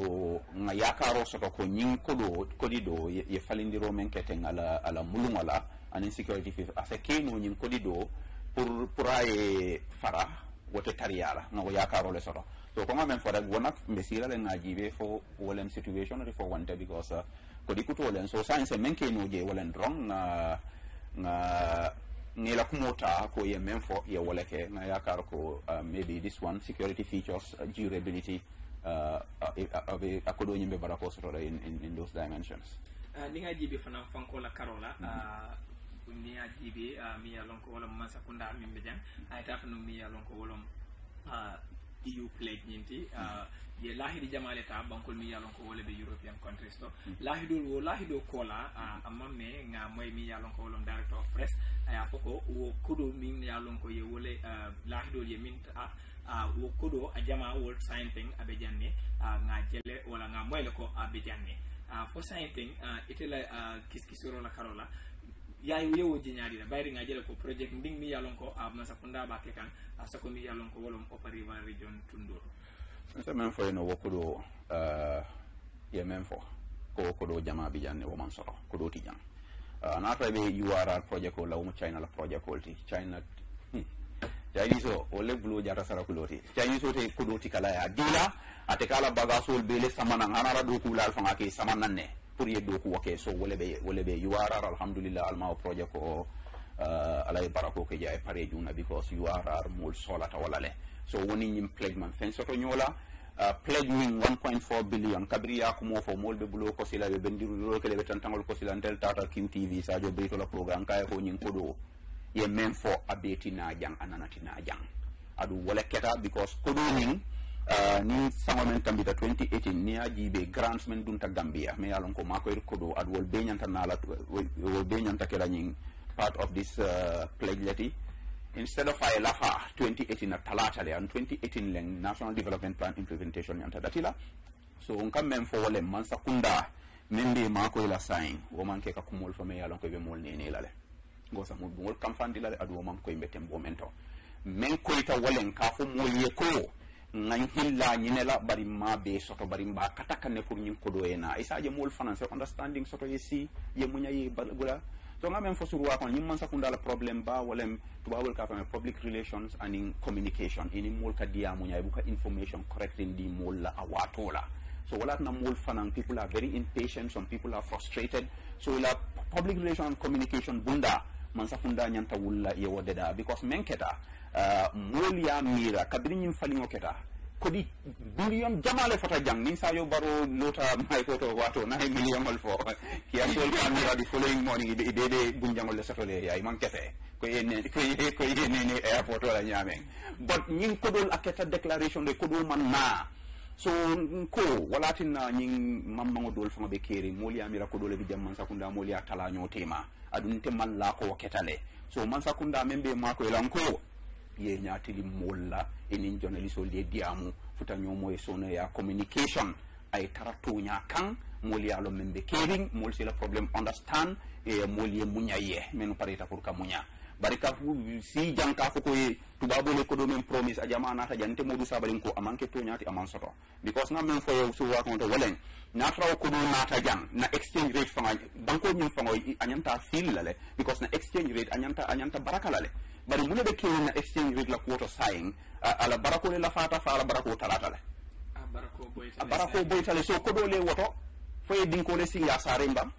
nga yakaro soto ko nyin kodo kodi do ye falindiro men keten ala ala mulungala and insecurity faith asa keno ñin kodi ɗo pour a aye fara wote tariyala nogo yakarole soto so konga men fota wona mbe sirale ngajiɓe fo wolem situation ri fo wonte because uh, kodi kutowolen so science men keno je wolen dron nga nga ngila kumota ko ye men fo ye wole ke nga yakar ko uh, maybe this one security features uh, durability uh, aɓe uh, uh, akkoɗo ñimɓe mbaɗa ko sotoɗa in, in, those dimensions uh, ni nga jiɓi fanan fankola karola mm-hmm. uh, mm ni a ah, jiiɓe mi yalon ko wolom masakunda min ɓe jan haytata no ah, ye ah, lahidi jamale ta bankol mi ko wole ɓe european countries to lahidol wo lahido koola amma me ga moye ko wolom directeur of press aya fo ko wo koɗo min yalon ko ye wole lahidol ye min ta wo koɗo a jama wol sign thing aɓe janne ga jele wala ga moyle ko aɓe janne fo sign thing itela kiskisorola karola yayo yewo jeñaɗiɗa bayringa jeɗa ko projet ndin mi yalon ko a masakunda ɓake kan a sako mi yalon ko wolon opa riva région tundoto nse men fo eno wokkuɗo euh, ye men fo ko wokkuɗo jama bi janne woman soto ko ɗoti jam naata ɓe urr projet ko lawmu china la projet kolti china hmm. chinese o wolle bulo jata sara kuloti chinese o te koɗoti kala ya dila ate kala bagasol bele samanan anara ɗo kuulal fanga ke samananne pour ye ɗo ku wake so wole ɓe wole ɓe you are r alhamdulillah almawo projet ko uh, alay barako ke jeya e pareji una because you are r mol solata wala le so woni ñim pledge man fen soto ñoola uh, pledge min 1.4 billion kabiri yakumo fo molɓe bulo kosila ɓe ɓendirudiro kele ɓe tantagol kosila ntel tata qtv sadio britola programme kaye ko ñin koɗo ye même fo abetina jang ananatina jang aɗum wala keta because koɗo ñin Uh, ni sango men tambita 2018 ni aji be grants men dunta gambia me yalon ko mako ko do ad wol be nyanta nala wol be nyanta kala nyin part of this uh, pledge leti instead of ay lafa 2018 na le and 2018 len national development plan implementation nyanta datila so on kam men fo wole man sakunda men be mako la sign wo man ke ka kumol fo me yalon ko be mol ne ne lale gosa mo le wo man ko imbetem bo men to men ko ita wolen ka ngañ hilla ñinela barin ma be soto barin ba katakane pour ñin kodo e na isaje mool français understanding soto ye si ye muña ye bula so nga men fo surwa kon ñin man sakundala problème ba walem tubawol ka fame public relations anin communication ini mool ka diya muña e buka information correcting di mool la a watola so walatna mool fanan people are very impatient some people are frustrated so la public Euh, moolu ye a miira kabiri ñiŋ faliŋo keta kodi million jamale fota jang nin sayo baro lota may koto wato na million ol fo ki am dol kan mira di following morning ide ide de bunjangol le soto le ay man kese ko ene ko ene ko ene ne airport wala nyame but nin ko dol aketa declaration de ko dol man na so ko walatin na nin mamma dol fama be keri moli amira ko dol be jamman sakunda moli akala nyotema adun te man la ko ketale so man sakunda membe mako elanko ye ñatili mool la enin journalisol ye diyamu futa ñomoye sonoya communication ay tara toña kan mool ye a men ɓe kering mool sila probléme understand e mool ye muña ye min parita pour ka muña bari ka si jang ka fo koye tubabole koɗo men promise a jama nata jante moɗu sabalin ko amanke toñati aman soto because na men foye sowa konto walen natarawo koɗo nata jang na exchange rate faga banko ñin fagoy a ñanta na exchange rate a ñanta a ñanta baraka lale bari mule be killing na exchange rate la kuwoto a ala barako le lafata fa ala barako talata le a barako boyitale so kodo le woto fo ye a le singa sare mbam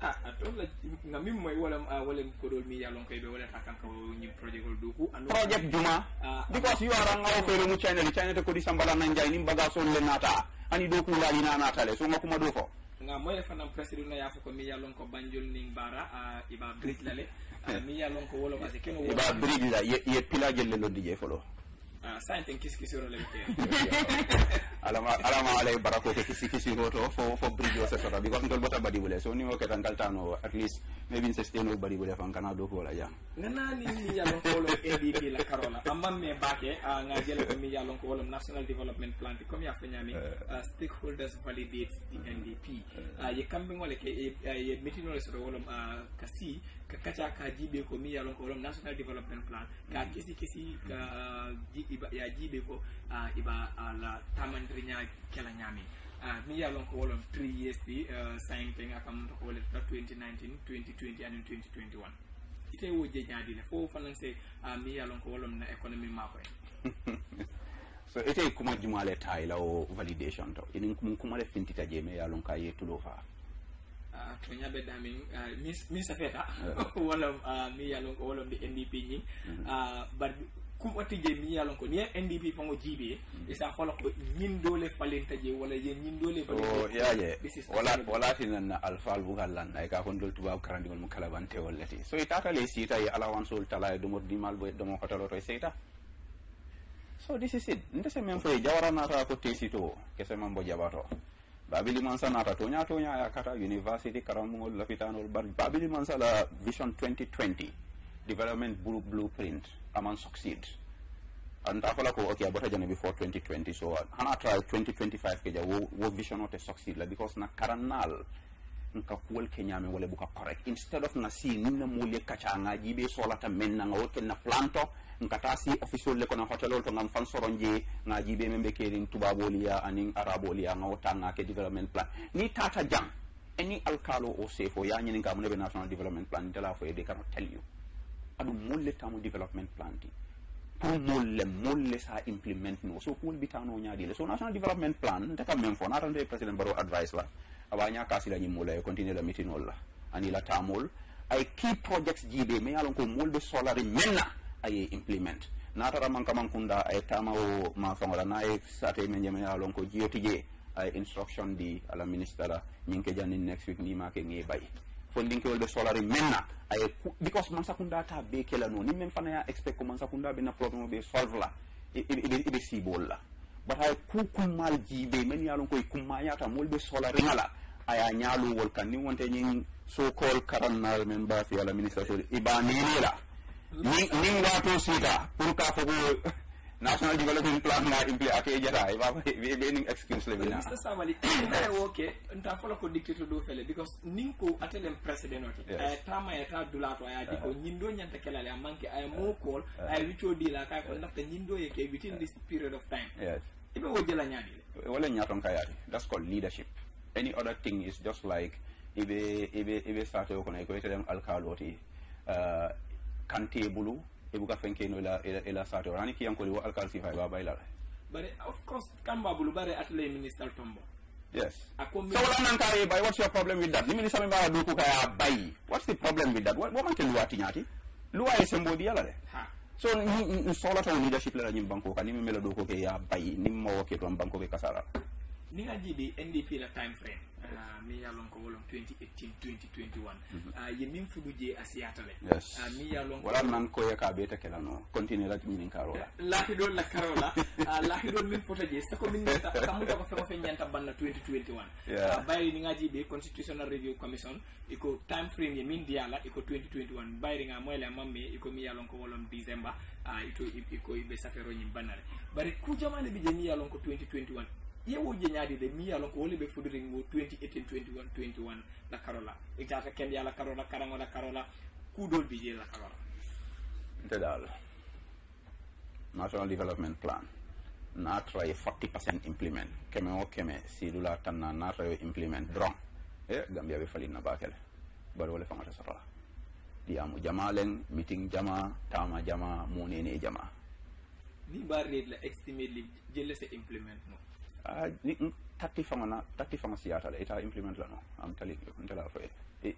ah atol la nga min moy wala wala kodol mi yalon koy be wala hakan ko ni project hol duku ando project juma because you are nga o fere mu channel channel ko di sambala nan jay nim baga so le nata ani doku lali na nata le so fo nga moy fanam president na ko mi yalon ko banjol ning bara iba ah mi yallon ko wolo masi kino wolo ba brigi la ye ye pila gelle lo dije folo ah sainten kis kisi ro le alama alama alay barako ke kisi kisi ro to fo fo brigi o se sota bi ko ngol bota badi bule so ni o ke tangal tano at least maybe se steno badi bule fan kana do ko la jam ngana ni mi yallon ko wolo ADP la karola amam me bake a ah, nga ko mi national development plan comme ya fanya mi eh. ah, stakeholders validate the NDP ah, ye kambe ngole ke ye meeting kaca ka jiiɓe ko mi yalon ko wolom national development plan ka mm-hmm. kesi kesi ka ya jiiɓe ko iɓa la tamandiriña kela ñaami mi yalon ko wolom 3 years ɗi 5 ten akam ko woleta 2019 2020 anin 2021 ite wo je ñaadile fo fanan se mi yalon ko wolom na économie mako en so ete kuma jumale taayla o validation taw enen kumum kumale fentita jeeme yalon ka faa uh, toñaɓe ɗamin uh, min min safeta wolam uh, mi yalon ko wolam nde ndp ñin mhm. ah, bat kum attije mi yalon ko ni hen ndp fango jiiɓe e mhm. sa fala ko je walla yen ñin dole o yaaje wala oh, walatinanna alfaal bugal lanna e ka kon dol tubaw karandigol mo kalabante wallati so e tatale siita e alawansol tala e domor dimal bo domo hotaloto e seyta so this is it ndese men foye jawaranata ko tesito kese man bo jaɓato baabili man sanata toña toña yakata university karamugol lafitanol bar baabili man sala vision 2020 development blue blueprint aman succeed anta fola ko ok abota jana before 2020 so hana uh, try 2025 keja wo, wo vision ote succeed la because na karannal nka kuwol ke ñaami wala buka correct instead of na si nun na moolu ye kaca nga jiibe solata men na nga wo ken na planto nkata si officiol le kono hotelol to ngam fan soronje ngaji ɓe men ɓe kerin tubaboliya anin araboliya nga wottangake développement plan ni tata jang any alkalo o sefo ya ñininga mu neɓe national development plan dala fo ede kano tell you development plan di pour molle molle sa implement no so ko wolbitano ñaadile so national development plan nte kam men fo natante président baro advice la awa ñakasilañim mula e continue la mitinol la anila tamol ay key projects jiiɓe mais yalon ko aye implement natara man kamankunda aye tamawo ma fangola na ye sate men jeme a lon ko jiyoti je aye instruction di ala a la ñing ke a next week ni ma ke ngi bay fondinkewol ɓe solari maintenant aye because mansakunda ta be kela no a même fana ya expect ko mansakunda ɓe na probléme ɓe solve la iɓe siibol la bat aye ku kummal jiiɓe men yalon koye kumma yata mol ɓe solariŋala aya ñaaluwol kan ni wonte ñin so kol karannaal men mbasi ala ministre sel ibanenila min min wato sika pour ka fogo national development plan na impli ake jata e baba be be ning excuse le bina mr samali e eh, woke fola ko dictator do fele because nin ko atelem president oti ay eh, tama e ta dulato ay di ko nyindo uh-huh. nyanta kelale a manke ay mo uh-huh. call uh-huh. ay wicho di la kay ko ndafta nyindo ye ke within this period of time yes ibe wo jela nyaadi wala nyaton kayadi that's called leadership any other thing is kante e bulu e buka fenkeno e ila, ila, ila sate orani kiyankoli wo alkal sifa a babaylala bare of course kamba bulu bare atele ministre tombo yes sowla nankare bay what's your problem with that ni ministre mi mbawa duku kaya bay what's the problem with that womante luwa tiñati luwa e sembo diyala de ha so n sohlata o leadership lala ñim ka ni mi mela ɗo ko ke ya bayi nin mawo ke toon banko ke kasara ningajiɓe ndp time frame uh, mi yalon ko wolon 2018 2021 uh, ye min eh, fuɗuje ah, a siyatale yes. uh, mi yalon wala nan ko yaka ɓeta kelano continue lat minin karola laahiɗol la karola laahiɗol min fota je sako min nanta kammuta ko feko fe ñanta banna 2021 yeah. Ah, bayri ningajiɓe constitutional review commission iko time frame ye min diyala iko 2021 bayri ga moyle mamme iko mi yalon ko wolon décembre ito iko ɓe safero ñim bannale bari ku jamane ɓe je mi yalon ko 2021 ƴeewo jeñaadi de mi yalon ko woli ɓe fodiri ngo 2018 21 21 la karola e jata ken yala karola karaŋo la karola kuudol bi je la karola nte daal national development plan naatara ye forty percent implement keme wo keme siidula tanna naatara yo implement dron e eh, gambia ɓe falinna baake le bari wole faŋata sotola diyamu jama leŋ meeting jama tama jama munene jama ni ba reed la estimate li jelle a uh, tatti fangana tatti fanga siyatala ita implement lano am um, tali ntala fo e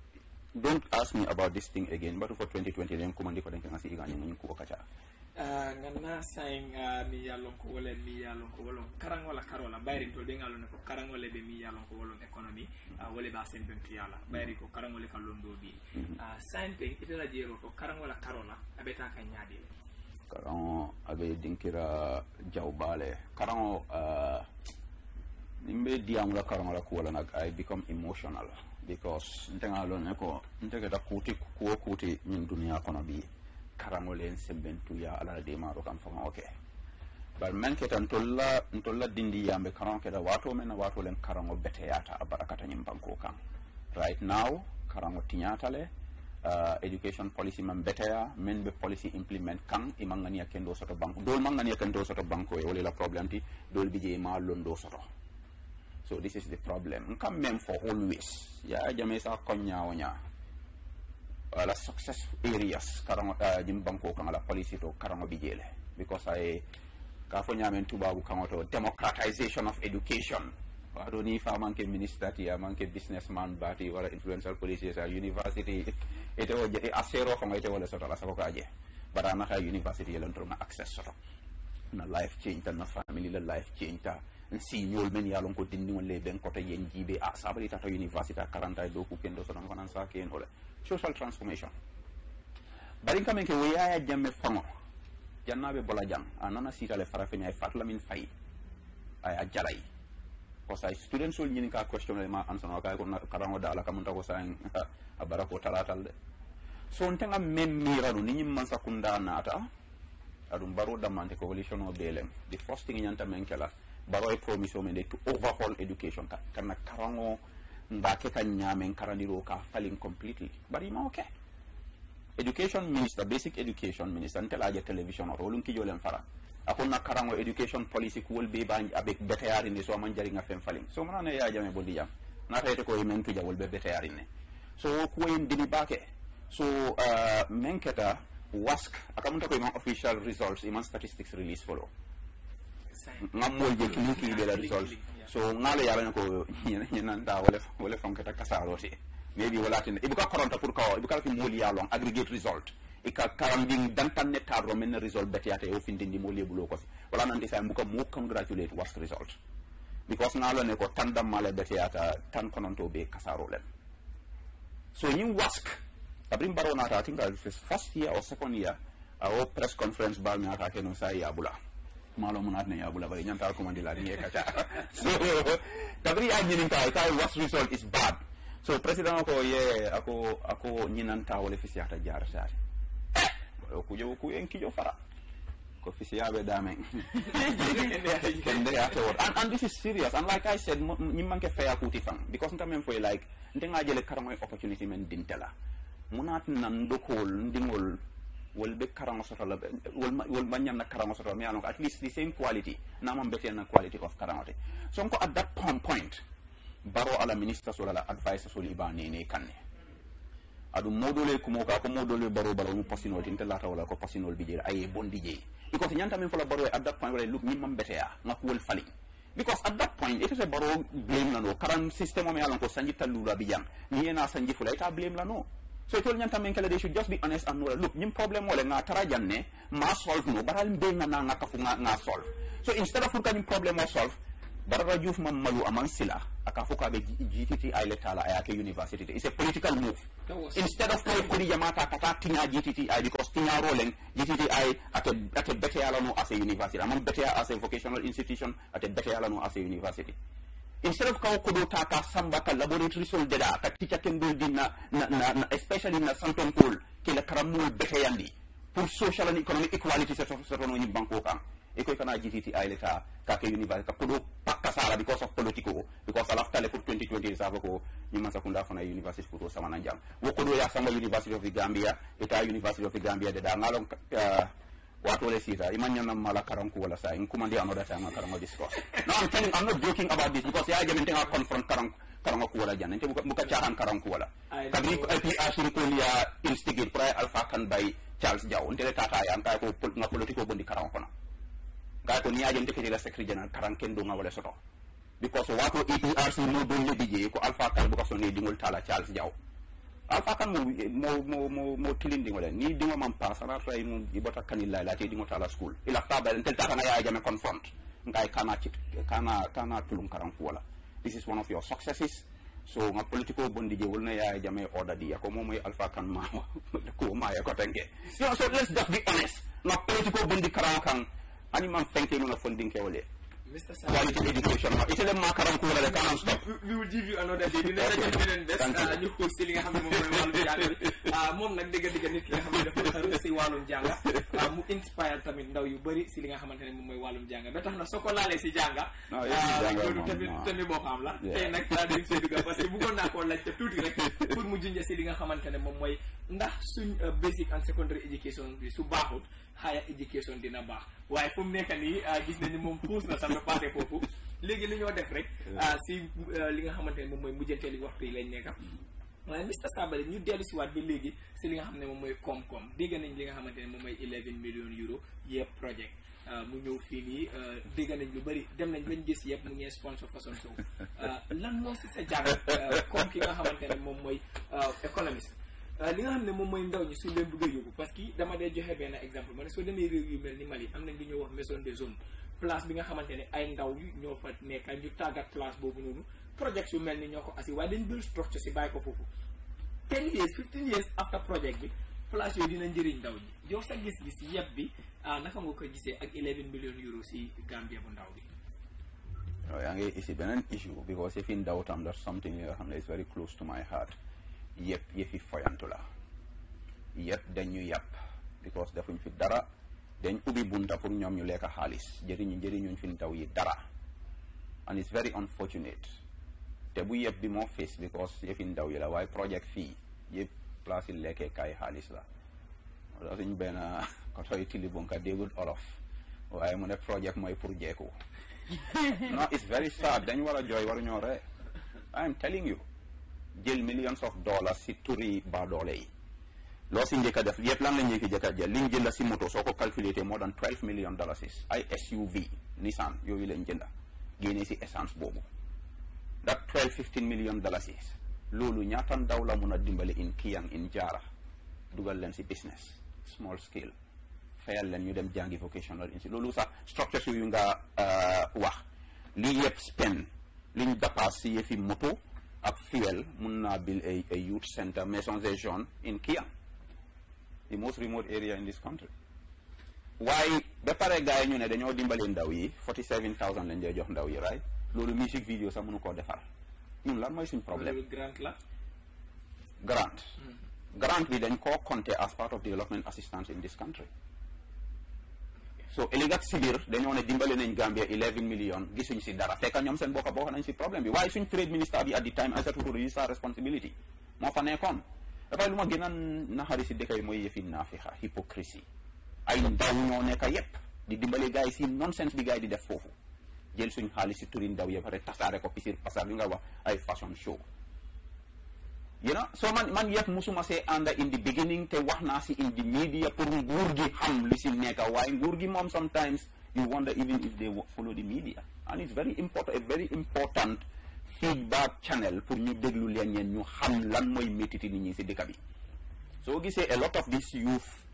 don't ask me about this thing again batu fo 2020 len commandi ko den kan si igani mun ko kacha uh, ganna sayin uh, mi yalon ko wala mi yalon ko wolon karangola karola bayri to be ngalon ko karangole be mi yalon ko wolon economy wala ba sen ben yala bayri ko karangole ka londo bi mm-hmm. sayin be itala jero ko karangola karola abeta kan nyaade karango abe dinkira jawbale karango uh, mbe diyaŋula karaŋola kuwo le nag i become emotional because nte ŋa loŋ ne ko nte keta kuuti kuwo kuuti ñiŋ duniyaa kono bii karaŋo le sembentuya ala la deemaaro kaŋ faŋo ke bari meŋ keta ntolla ntolla dindi yambe karaŋo keta waatoo meŋ na waatoo leŋ karaŋo beteyaata a barakata ñiŋ bankoo kaŋ right now karaŋo tiñaata le uh, education policy man beteya meŋ be policy implement kaŋ i maŋ ŋaniya kendoo soto banko doolu maŋ ŋaniya kendoo soto banko ye wo le la problème ti doolu i maŋ londoo so this is the problem nkammem for always ya jame sa konyawonya ala success areas karango uh, eh, jim banko kan ala policy to karango bijele because i ka fo nyamen tubabu kan to democratization of education waɗo ni fa manque ministre ti a manque businessman bati wara influential policier sa university ete o jeti assero fango ete wole soto ala sago ka je bara naxa university yelantorona access soto na life change ta na family la siñol men yalon ko dindiŋol le ben koto yen jiibe a ah, sabali tata université a karanta e dow ku kendo soton fanan sa ken ole social transformation bari kamen ke woyaya jamme faŋo jannaɓe bola jang ah, a nana siitale farafeña e fatula min fayi aya jalayi ko sa students ol ñinin ka question le ma ansano ah, kay ko karaŋo dala a bara ko talatal de so ntenga men miranu ni ñim mansa kunda naata aɗum baro damante ko volition o beelem the first baro e promission men to overhaul education ka kana karango mbake kan ñamen karandiro ka falin completely barima ok education minister basic education minister ntelaje television oto wolum kijolen fara akonna karango education policy kuwol be bañ avec beteyarinde so aman jari nga fen falin so manana yajame boldi jam natayte ko men tuja wol be beteyarinne so kuwoyen dini bake so uh, men keta wask akamunta ko official ngam mol je kilin ki de la resolve so ngala a ko nyinan a wala wala fonke ta kasaro te maybe wala tin ibuka koronta pour ko ibuka fi mol ya long aggregate result e ka karambin dantan ne tarro men result beti ate o findi ndi mol yebulo ko a wala nan defa mbuka mo congratulate worst result because ngalo ne ko tan dam mala beti ata tan kononto be kasaro len so nyin wask abrim baronata tinga first year or second year a uh, press conference bal mi ata kenon sa malo mun adna yabula bari nyanta akumandila ni ekata so tabri ajinin ta ta was result is bad so president ko ye ako ako nyinanta wala fisiata jar sar ko yo ko en kijo fara ko fisiabe dame kende ato and, and this is serious and i said nyimanke faya kuti fang because ntamen fo like ntinga jele karamoy opportunity men dintela munat nan dokol ndingol wolɓe karaŋo sotola wolma ñanna karaŋo sotola mi alon ko at least the same quality namam betenna quality of karaŋo te sonko at that point point baro ala ministre sol ala advice sol iba nene kanne aɗum moɗole kumo ka ko moɗole baro baro mu pasinol a lata wala ko pasinol bi jeeri aye bondi jeeyi because ñantamin fola baro e at that point wala luk ñimmam beteya ngakkuwol because at that point itete baro blame lano karan systéme o mi alan ko sanjitta lula bi jang ni yena sanji fula so tol ñantamenkele they should just be honest and know look ñim problème ole nga tara janne ma solve no baral mbe nga na nga kafu nga solve so instead of furkañim problème o solve barara juuf mam malu aman sila aka foka ɓe gtti ay lettala ayake university te is a political move instead of koye kodi jamata kata tiña gtti ay because tiñaro leng gtti ay ate ate beteyalano as a university aman beteya as a vocational institution ate beteyalano as a instead of kaw kodo tata sambata laboratory sol deda ka ticha kendo di na, na, na, na especially na santon kol ke la karamul social and economic equality sa so, sotono ni banko kan e koy kana jititi ay leta ka ke university ka kodo pakka sala because of politico because alafta le pour 2020 sa ko ni man sakunda fana university ko sama na wo kodo ya sama university of gambia eta university of the What will I see that? Malakaranku say, Nkumandi another a Karango discourse. No, I'm telling I'm not joking about this because I haven't I confront Karanku. Karango kuwala jan, nte buka buka charan karang kuwala. Kadri IP asiri kulia instigate pray alpha kan by Charles Jao, nte le tata ya nka ko nga politiko bondi karang kona. Nka ko ni aje nte kete la secretary general karang kendo nga wala soto. Because wato APRC no bondi bije ko alpha kan buka alfakan mo mo mo mo mo tilindiŋo le niŋ diŋo maŋ paasa naata i mu i bota kaniŋ la laate i diŋo taa la school i lafita bala ntel taata na ye a jame confront nka ye kana kana kana tuluŋ karankuwo la this is one of your successes so nga politiko bondi je wol na ye jame order di ko moom moy alpha kan ma ko ma ya ko tanke so let's just be honest nga politiko bondi karan kan ani man fenke no na fondin quality education ma ite leen maa de karam stop we will give you ah, ñu xuus si li nga xam ne moom mooy wàllum jàng bi moom si wàllum jànga mu inspire tamit ndaw yu bëri si li nga xamante ne moom mooy wàllum jànga ba tax na soo ko laalee si ah, jànga loolu tamit tamit boppam la tey nag dañ see dugg parce que bëggoon naa koo laajte tuuti rek pour mu junja si li nga xamante ne moom mooy ndax su euh, basic and secondary education bi su baaxut higher education dina baax waaye fu mu nekk nii ah, gis nañu moom puus na sax ba passé foofu léegi li ñoo def rek ah, si euh, li nga xamante ne moom mooy mujjanteeli waxtu yi lañ nekk waaye Mr Sabally ñu dellu si waat ba li nga xam ne moom mooy koom-koom dégg li nga xamante ne moom mooy eleven million euro yëpp project ah, mu ñëw fii nii dégg nañ lu bëri dem nañ bañ gis yëpp mu ngee sponsor façon sow lan moo si sa jàng comme ki nga xamante ne moom mooy économiste Euh, li nga xam ne moom mooy ndaw ñi suñ leen bëgg a yóbbu parce que dama dee joxe benn exemple ma ne soo demee réew yu mel ni Mali am nañ lu ñuy wax maison des jeunes place bi nga xamante ne ay ndaw ñoo fa nekk ñu tàggat place boobu noonu project yu mel ni ñoo ko assi waaye dañ build structure si bàyyi ko foofu ten years fifteen years after project bi place yooyu dina njëriñ ndaw ñi yow sa gis-gis yëpp bi ah naka nga ko gisee ak eleven million euros si Gambia bu bi waaw oh, yaa ngi isi beneen issue because fi ndaw tam yëpp yëfi foyantu la yëpp dañu yàpp because defuñ fi dara dañ ubbi bunta pour ñoom ñu lekk xaalis jëriñu njëriñuñ fi ndaw yi dara and it's very unfortunate te bu yëpp bi moo fees because yëfi ndaw yi la waaye project fii yëpp place yi lekkee kaay xaalis la da suñ benn kotoy tilibonka déggul olof waaye mu ne project mooy pour jeeku non it's very sad dañ war a jooy waruñoo ree I am telling you jël millions of dollars si turi ba doole yi loo si njëkk def yëpp lan la ñuy fi njëkk a jël li ñu jënd si moto soo ko calculé moo daan twelve million dollars ay SUV Nissan yooyu lañ jënd génnee si essence boobu that twelve fifteen million dollars loolu ñaata ndaw la mun a dimbali in Kiang in Jaara dugal leen si business small scale fayal leen ñu dem jàngi vocational si loolu sax structures yu nga euh, wax li yëpp spend liñ dapaas si yëfi moto. ak fuel mun naa build a, a youth center maison des jeunes in Kia the most remote area in this country waaye ba pare gars yi ñu ne dañoo dimbali ndaw yi 47000 lañ dee jox ndaw yi right loolu musique vidéo sax munu koo defar ñun lan mooy suñ problème grant la grant mm-hmm. grant bi dañ koo compter as part of development assistance in this country so ëllëg e ak dañoo ne dimbale nañ Gambia 11 million gisuñ si dara fekk ñoom seen bokk bokk nañ si problème bi waaye suñ trade minister bi at the time Isatou Touré is our responsibility moo fa nekkoon dafay lu ma gën a naxari si dëkk yi mooy yëfi naafixa hypocrisie ay ndaw ñoo nekk yépp di dimbale gars yi si nonsense bi gars yi di def foofu jël suñ xaalis si turin ndaw yëpp rek tasaare ko pisir pasar li nga wax ay fashion show you know so man man yëpp musuma se ànd in the beginning te wax naa si in the media pour nguur gi xam li si nekk waaye nguur gi moom sometimes you wonder even if they follow the media and it's very important a very important feedback channel pour ñu déglu leen ñeen ñu xam lan mooy métiti nit ñi si dëkk bi soo gisee a lot of these youth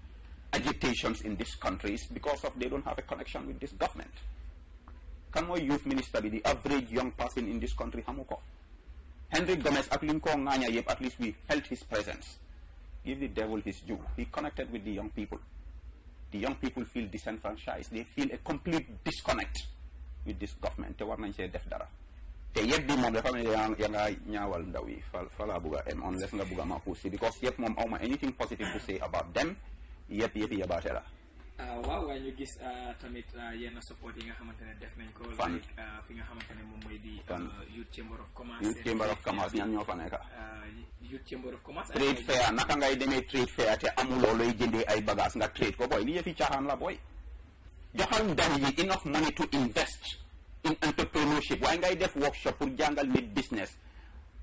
agitations in this country is because of they don't have a connection with this government kan mooy youth minister bi the average young person in this country xamu ko Henry Gomez ak li ñu koo ŋaaña yëpp at least we felt his presence give the devil his due he connected with the young people the young people feel disenfranchised they feel a complete disconnect with this government te war nañ see def dara te yëpp bi moom dafa mel ñaawal ndaw yi fa a am unless nga bëgg a ma puus si because yëpp moom awma anything positive to say about them yëpp yëpp yabaate la Ah, waaw waaye ñu gis ah, tamit ah, yenn support yi nga xamante ne def nañ ko. fan fi nga xamante ne moom mooy di. fan Youth Chamber of commence Youth Chamber ñoo fa nekk. Youth Chamber of Commerce. trade fair naka ngay demee trade fair te amuloo looy jëndee ay bagages nga trade ko booy li yëfi caaxaan la booy. joxal ndaw yi enough money to invest in entrepreneurship waaye ngay def workshop pour jàngal nit business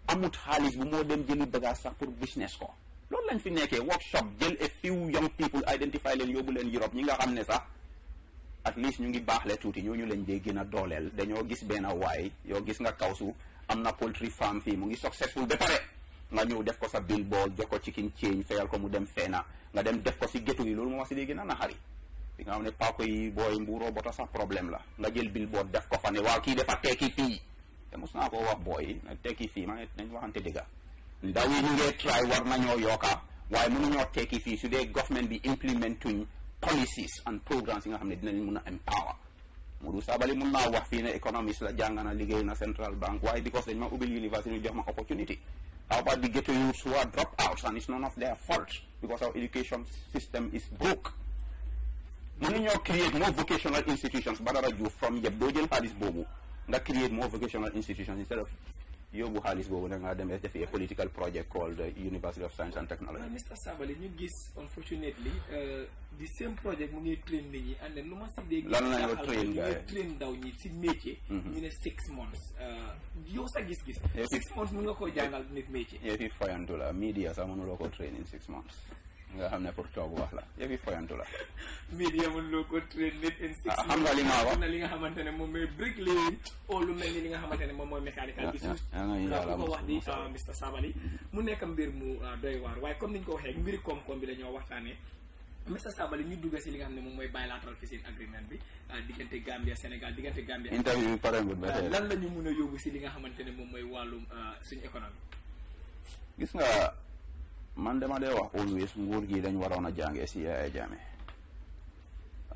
amut xaalis bu moo dem jëli bagage sax pour business ko. loolu lañ fi nekkee workshop jël a few young people identify leen yóbbu leen Europe ñi nga xam ne sax at least ñu ngi baaxle tuuti ñooñu lañ dee gën a dooleel dañoo gis benn waay yoo gis nga kaw su am na poultry farm fii mu ngi successful ba pare nga ñëw def ko sa billboard jox ko chicken change fayal ko mu dem feena nga dem def ko si gétu yi loolu moo si dee gën a naxari bi nga xam ne paako yi booy mbuuroo bota sax problème la nga jël billboard def ko fa ne waaw kii dafa tekki fii te mos naa ko wax booy tekki fii ma ne nañ waxante dëgga ndaw yi ñu ngee try war nañoo yokka waaye mënuñoo tekki fii su dee government bi implementuñ policies and programmes yi nga xam ne dinañ mun a empower Modou Sabally mun naa wax fii ne économiste la jàng na liggéey na central bank waaye because dañ ma ubbil university ñu jox ma opportunity how about the ghetto youths who are dropouts and it's none of their fault because our education system is broke mënuñoo create more vocational institutions Badara Diouf from yëpp jël xaalis boobu nga create more vocational institutions instead of yóbbu xaalis boobu da ngaa dem defi a political project called the University of Science and Technology. waaw Mr ñu gis unfortunately the euh, same project mu ngi train nit ñi and lu ma si dégg. lan la si métier. Mm-hmm. ñu ne six months euh, yow sa gis-gis. six months mun nga koo jàngal nit métier. et puis fayantu la media sax mënuloo koo train six months. nga xam ne pour toog wax la yëpp foyantu la. medium low country made in six ah, months. xam nga li ma nga xamante ne moom mooy brick laying oo lu mel ni li nga xamante ne moom mooy mécanical ah, ah, wax di Mr mm-hmm. nekk mbir mu waaye comme ni ko waxee mbiri koom-koom bi dañoo waxtaanee. Mr Sabally ñu dugg si li nga xam ne moom mooy bilateral fishing agreement bi diggante Gambia Sénégal diggante Gambia. interview pareegul ba tey lan la ñu mun a yóbbu si li nga xamante ne moom mooy wàllum suñu économie. gis nga. man dama dee wax always nguur gi dañ waroon a jàngee si Yaya Jammeh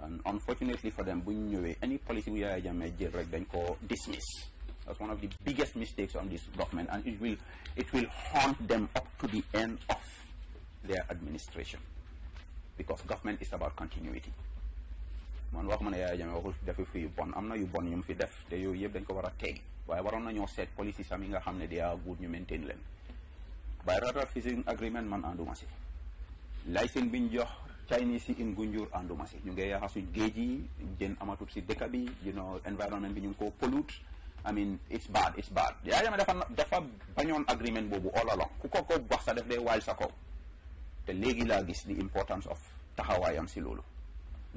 and unfortunately for them bu ñu ñëwee any policy bu Yaya Jammeh jël rek dañ ko dismiss that's one of the biggest mistakes on this government and it will it will haunt them up to the end of their administration because government is about continuity man wax ma ne Yaya waxul dafa fi bon am na yu bon ñu fi def te yooyu yëpp dañ ko war a teg waaye waroon nañoo seet policy sam yi nga xam ne day good ñu maintain leen waaye rata fishing agreement man ànduma si license bi ñu jox Chinese yi in Gunjur ànduma si ñu ngi yàqa suñ géej yi jën amatut si dëkk bi you know environment bi ñu ngi ko pollute I mean it's bad it's bad yaa dafa bañoon agreement boobu all along ku ko ko wax sa def dee waay sa ko te léegi laa gis the importance of taxawaayam si loolu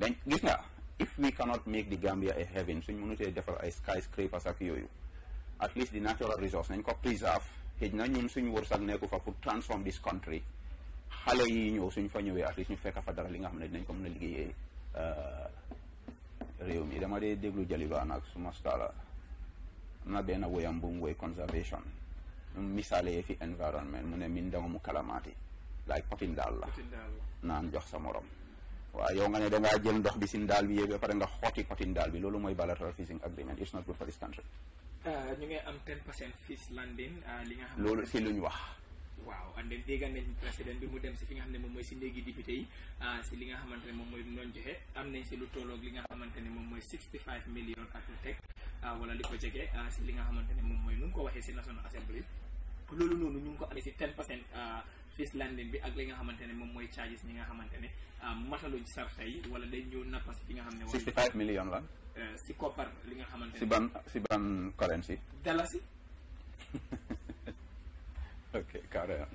dañ gis nga if we cannot make the Gambia a heaven suñ mënutee defar ay skyscrapers ak yooyu at least the natural xëj na ñun suñu wërsag nekku fa pour transform this country xale yi ñëw suñ fa ñëwee at least ñu fekk fa dara li nga xam ne dinañ ko mën a liggéeyee uh, réew mi dama dee déglu Jaliba nag suma stala am na benn woyam bu mu woy conservation mu misaalee fi environment mu ne min dama mu kalamaati like potin daal la naan jox sa morom waaw yow nga ne dangaa jël ndox bi sin daal bi yëpp ba pare nga xotti potin daal bi loolu mooy bilateral fishing agreement it's Euh, ñu ngi am 10 percent fees landing euh, li nga xam loolu si lu ñu wax. waaw and then dégg nañ président bi mu dem si fi nga xam ne moom mooy si néegi député euh, li nga xamante ne moom mooy noonu joxe am nañ si li nga xamante ne moom mooy 65 million ak lu teg wala li ko jege si li nga xamante ne moom mooy nu ngi ko waxee si National Assembly loolu ñu ngi ko amee si nga xamante ne moom mooy charges ñi nga xamante ne mataluñ sarta yi wala dañ ñëw nappas fi nga xam ne. 65 million la. Euh, si li nga xamante si ban si ban currency. dalasi. ok carré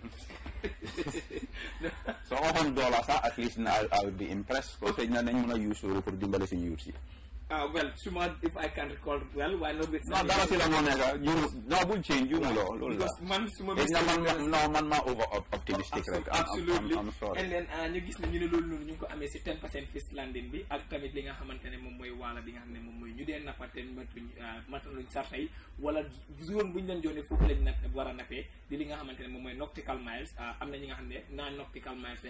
soo waxoon dollar sax at least na I'll be impressed ko sëñ na nañ mën a use pour dimbale suñu yuut si ah well suma if I can recall well waaye no big. non dara si la moo nekk juum non bul change juumuloo loolu la. man suma over optimistic rek. absolutely and then ah, ñu gis ne ñu ne loolu noonu ñu ngi ko amee si 10 percent fish landing bi ak tamit li nga xamante ne mooy waala bi nga xam ne moom mooy ñu dee nappa te matuñ ah, mataluñ sarta yi wala zone bu ñu foofu lañ nag war a nappee li nga xamante ne mooy nautical miles ah, am na ñi nga xam ne nine nautical miles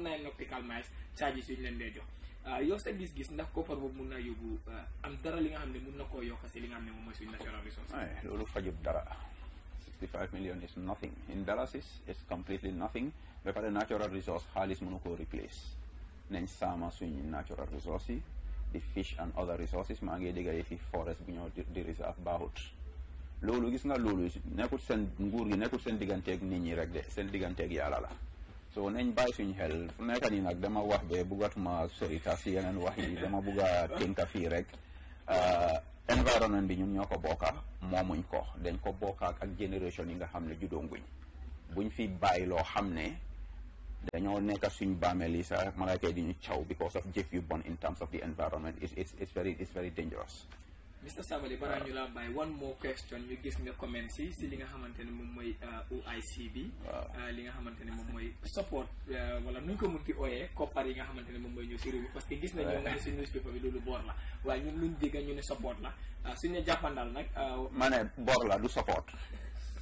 a online optical miles charges yu ñu leen dee euh, yow sa gis-gis ndax koppar boobu mun naa euh, li nga xam ne mun na koo yokk si li nga xam ne moom mooy suñu natural resources. loolu dara. 65 million is nothing in Dallas it's completely nothing ba pare natural resource xaalis mënu koo replace nañ saama suñ natural resources yi di fish and other resources maa ngi dégg fi forest bu ñëw di reserve baaxut loolu gis nga loolu nekkul seen nguur gi nekkul seen digganteeg nit ñi rek de seen digganteeg yàlla la so nañ bàyyi suñ xel fu nekk nii nag dama wax be bëggatuma sorita si yeneen wax yi dama bëgg a tënka fii rek euh, environnement bi ñun ñoo ko bokka moomuñ ko dañ ko bokka ak génération yi nga xam ne juddoonguñ buñ fi bàyyi loo xam ne dañoo nekk suñ baameel yi sax malaaka di ñu caw because of jëf yu bon in terms of the environment it's it's it's very it's very dangerous Mr Sabally bara ñu laa bàyyi one more question ñu gis nga comment si si li nga xamante ne moom mooy uh, OIC bi uh, li nga xamante ne moom mooy support uh, wala nu ko mun ki ooyee koppar yi nga xamante ne moom mooy ñëw si réew mi parce que gis na ñoo nga ne si newspaper bi loolu boor la waaye ñun luñ dégg ñu ne support la suñ ne jàppandal nag ma ne boor la du support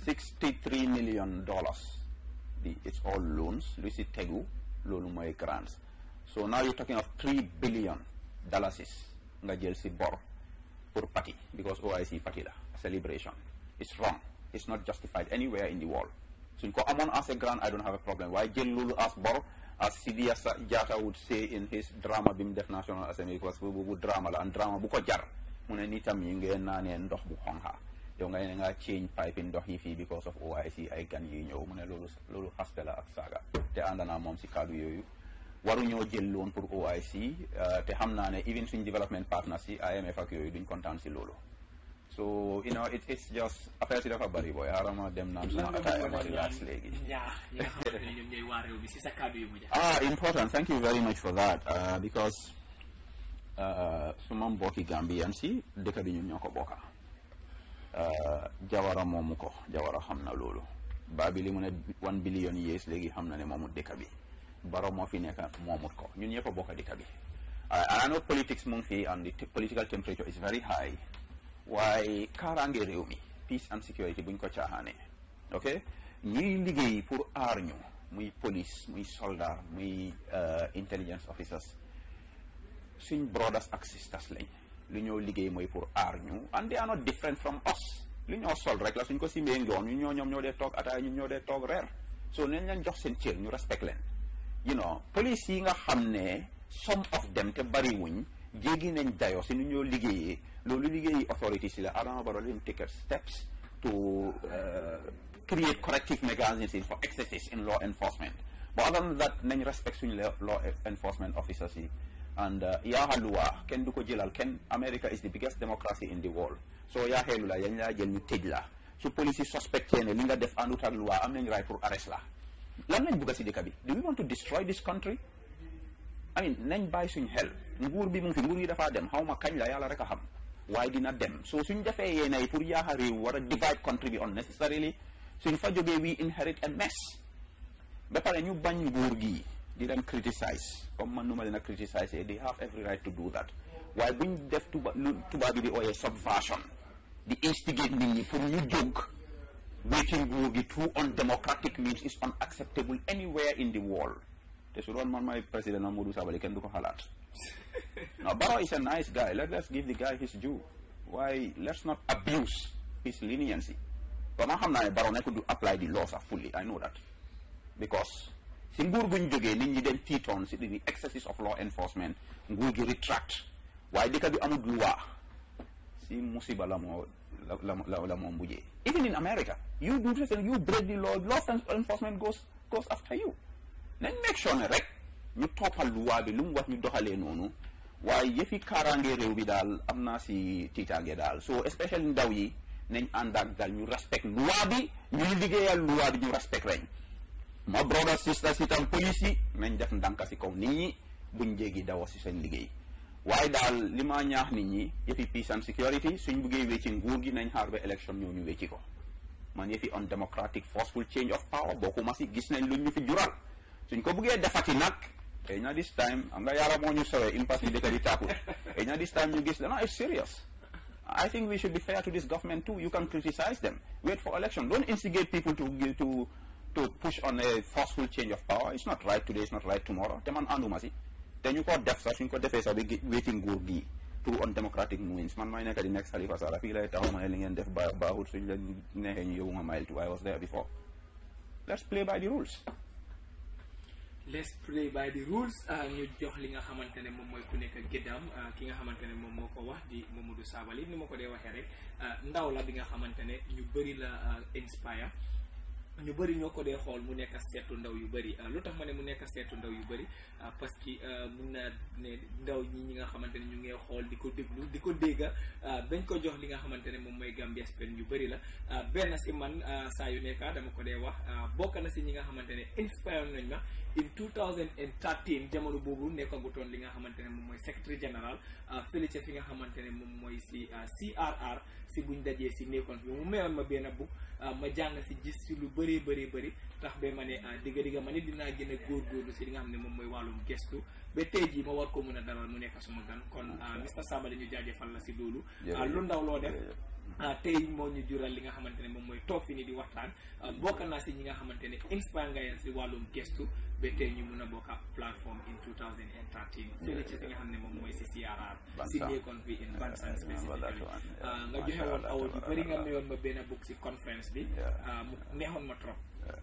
sixty three million dollars bi it's all loans lu si tegu loolu mooy grants so now you're talking of three billion dollars nga jël si bor for party because OIC party la celebration it's wrong it's not justified anywhere in the world suñ ko amoon as a grand I don't have a problem waaye jël loolu as bor as Sidiya Jatta would say in his drama bi mu def National Assembly because bu drama la and drama bu ko jar mu ne nitam yi ngeen naanee ndox bu xonxa yow nga ne ngaa change pipe ndox yi fii because of OIC ay gan yi ñëw mu ne loolu loolu xaste la ak saaga te ànd na moom si kàddu yooyu waruñoo jël loon pour OIC euh, te xam naa ne even suñ development partners si IMF ak yooyu duñ kontaan si loolu so you know it, it's just affaire si dafa bëri booy arama dem naan sama ataaya ma relax léegi ah important thank you very much for that uh, because uh, suma mbokki Gambian si dëkk bi ñun ñoo ko bokka uh, jawara moomu ko jawara xam na loolu baa bi li mu ne one billion years léegi xam na ne moomu dëkk bi Barrow moo fi nekk moomut ko ñun ñëpp a bokk dëkk bi I know politics mu ngi fi and the political temperature is very high waaye kaaraange réew mi peace and security buñ ko caaxaane ok ñuy liggéey pour aar ñu muy police muy soldat muy euh, intelligence officers suñ brothers ak sisters lañ lu ñoo liggéey mooy pour aar ñu and they are not different from us lu ñoo sol rek la suñ ko simbee ngoon ñu ñoo ñoom ñoo dee toog ataay ñu ñoo dee toog reer so neñ leen jox seen cër ñu respect leen you know police yi nga xam ne some of them te bariwuñ jéggi nañ dayo si nu ñoo liggéeyee loolu liggéeyi authorities yi la Adama Barrow leen take steps to uh, create corrective mechanisms for excesses in law enforcement but other than that nañ respect suñu law enforcement officers yi and uh, yaaxa luwa kenn du ko jëlal kenn America is the biggest democracy in the world so yaaxeelu la yañ laa jël ñu tëj la su police yi suspecté ne li nga def àndut ak luwa am nañ raay pour arrest lan nañ bugg si dëkk bi do we want to destroy this country I mean nañ bàyyi suñ xel nguur bi mu ngi fi nguur gi dafaa dem xaw ma kañ la yàlla rek a xam waaye dina dem so suñ defee yee nay pour yaaxa réew war a divide country bi unnecessarily suñ fa jógee we inherit a mess ba pare ñu bañ nguur gi di leen criticize comme man nu ma leen a criticize they have every right to do that waaye buñ def tuba lu tubaab bi di ooyee subversion di instigate nit ñi pour ñu making nguur gi too undemocratic means is unacceptable anywhere in the world te su doon man may président Momodou Sabally kenn du ko xalaat no Barrow is a nice guy let us give the guy his due waaye let's not abuse his leniency ba ma xam naa ne Barrow nekk du apply the law sax fully I know that because si nguur guñ jógee nit ñi dem tiitoon si di excesses of law enforcement nguur gi retract waaye dëkk bi amul loi si musiba la moo la la la moom mujjee even in America you do this and you break the law law enforcement goes goes after you nañ make sure ne rek ñu toppal luwaa bi lu mu wax ñu doxalee noonu waaye yëfi kaaraange réew bi daal am naa si tiitaange daal so especially ndaw yi nañ ànd ak daal ñu respect luwaa bi ñuy liggéeyal luwaa bi ñu respect reñ ma brother sister si tam police yi nañ def ndànk si kaw nit ñi buñ jéggi dawa si seen liggéey waaye daal li ma ñaax nit ñi yëfi peace and security suñ buggee wecci nguur gi nañ xaar ba élection ñoo ñu wecci ko man yëfi on democratic forceful change of power bokku si gis nañ luñ ñu fi jural suñ ko buggee defati nag xëy na this time am nga moo ñu sowee impasse bi dëkk di tàkkut xëy na this time ñu gis dana it's serious I think we should be fair to this government too. You can criticize them. Wait for election. Don't instigate people to to a forceful change Te man ànduma si. te ñu ko def sax suñ ko defee sax bi wéeti nguur gii pour on democratic movements man may nekk di nekk Halifa Sallah fii lay taxaw ma ne li ngeen def baax baaxul suñ la neexee ñu yóbbu ma mile two I was there before let's play by the rules let's play by the rules ah, ñu jox li nga xamante ne moom mooy ku nekk gëddam ah, ki nga xamante ne moom moo ko wax di Momodou Sabally ni ma ko dee waxee rek ah, ndaw la bi nga xamante ne ñu bëri la inspire ñu bëri ñoo ko dee xool mu nekk seetu ndaw yu bëri ah, lu tax ma ne mu nekk seetu ndaw yu bëri ah, parce que ah, mun naa ne ndaw ñi ñi nga xamante ne ñu ngi xool di ko déglu di ko dégga bañ ko jox li nga xamante ne moom mooy Gambia's Pen yu bëri la benn si man saa yu nekk dama ko dee wax bokk na si ñi nga xamante ne inspire nañ ma in 2013 jamono boobu nekkagutoon li nga xamante ne moom mooy secrétaire général euh, fële fi nga xamante ne moom mooy si euh, CRR si buñ dajee si nekkoon bi mu mayoon ma benn bug euh, ma jàng si gis si lu bëree bëree bëri tax ba ma ne ma dinaa gën a góorgóorlu si li nga xam ne moom mooy wàllum gestu ba tey ji ma war ko mun a dalal mu nekk suma gan kon Mr Sabally ñu jaajëfal la si loolu lu ndaw loo def Euh, tey moo ñu jural li nga xamante ne moom mooy toog fi ni di waxtaan euh, bokk naa si ñi nga xamante ne inspire nga leen si wàllum gestu ba tey ñu mun a bokk ak plateforme in 2013 fële ci fi nga xam ne moom mooy si CRR si Nekon bi in Bansan spécifiquement euh, nga joxe woon aw yu bëri nga mayoon ma benn book si conférence bi mu neexoon ma trop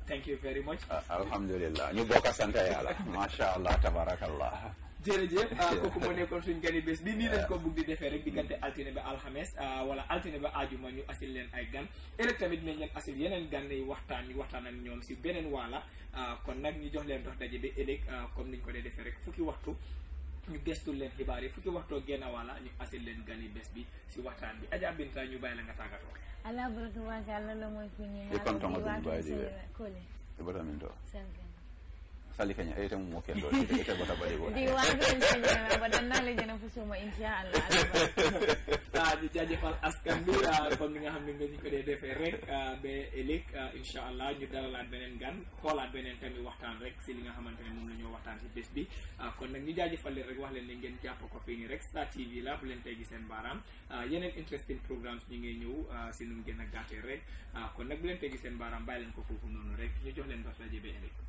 thank you very much ah, alhamdulillah ñu bokk sante sant yàlla macha allah tabarakallah jërëjëf ah, kooku moo nekkoon suñ gani bés bi nii lañ ko bugg di defee rek diggante altine ba alxames ah, wala altine ba ajuma ñu asil leen ay gan ëllëg tamit nañ leen asil yeneen gan yi waxtaan ñu waxtaan ak ñoom si beneen waala ah, kon nag ñu jox leen dox daje ba ëllëg comme niñ ko dee defee rek fukki waxtu ñu gestu leen xibaar yi fukki waxtoo genn wàlla ñu asil leen gani bés bi si waxtaan bi Adja Binta ñu bàyyi la nga tàggatoo ala buratu waga la la mooy fi ñu sa kenya ete mu moke do ete bota bale go di wasan na le jena fu suma insha Allah ta di jaajëfal askan bi comme ni nga xam ne nga ñu ko dee defee rek ba ëllëg insha Allah ñu dalalaat beneen gan xoolaat beneen tamit waxtaan rek si li nga xamante ne moom la ñoo waxtaan si bés bi kon nag ñu jaajëfal leen rek wax leen ne ngeen jàpp ko fii nii rek Star TV leen tey gi seen baaraam yeneen interesting programmes ñu ngi ñëw si gën a gàttee rek kon nag bu leen gi seen baaraam bàyyi leen ko foofu noonu rek ñu jox leen ba daje ba ëllëg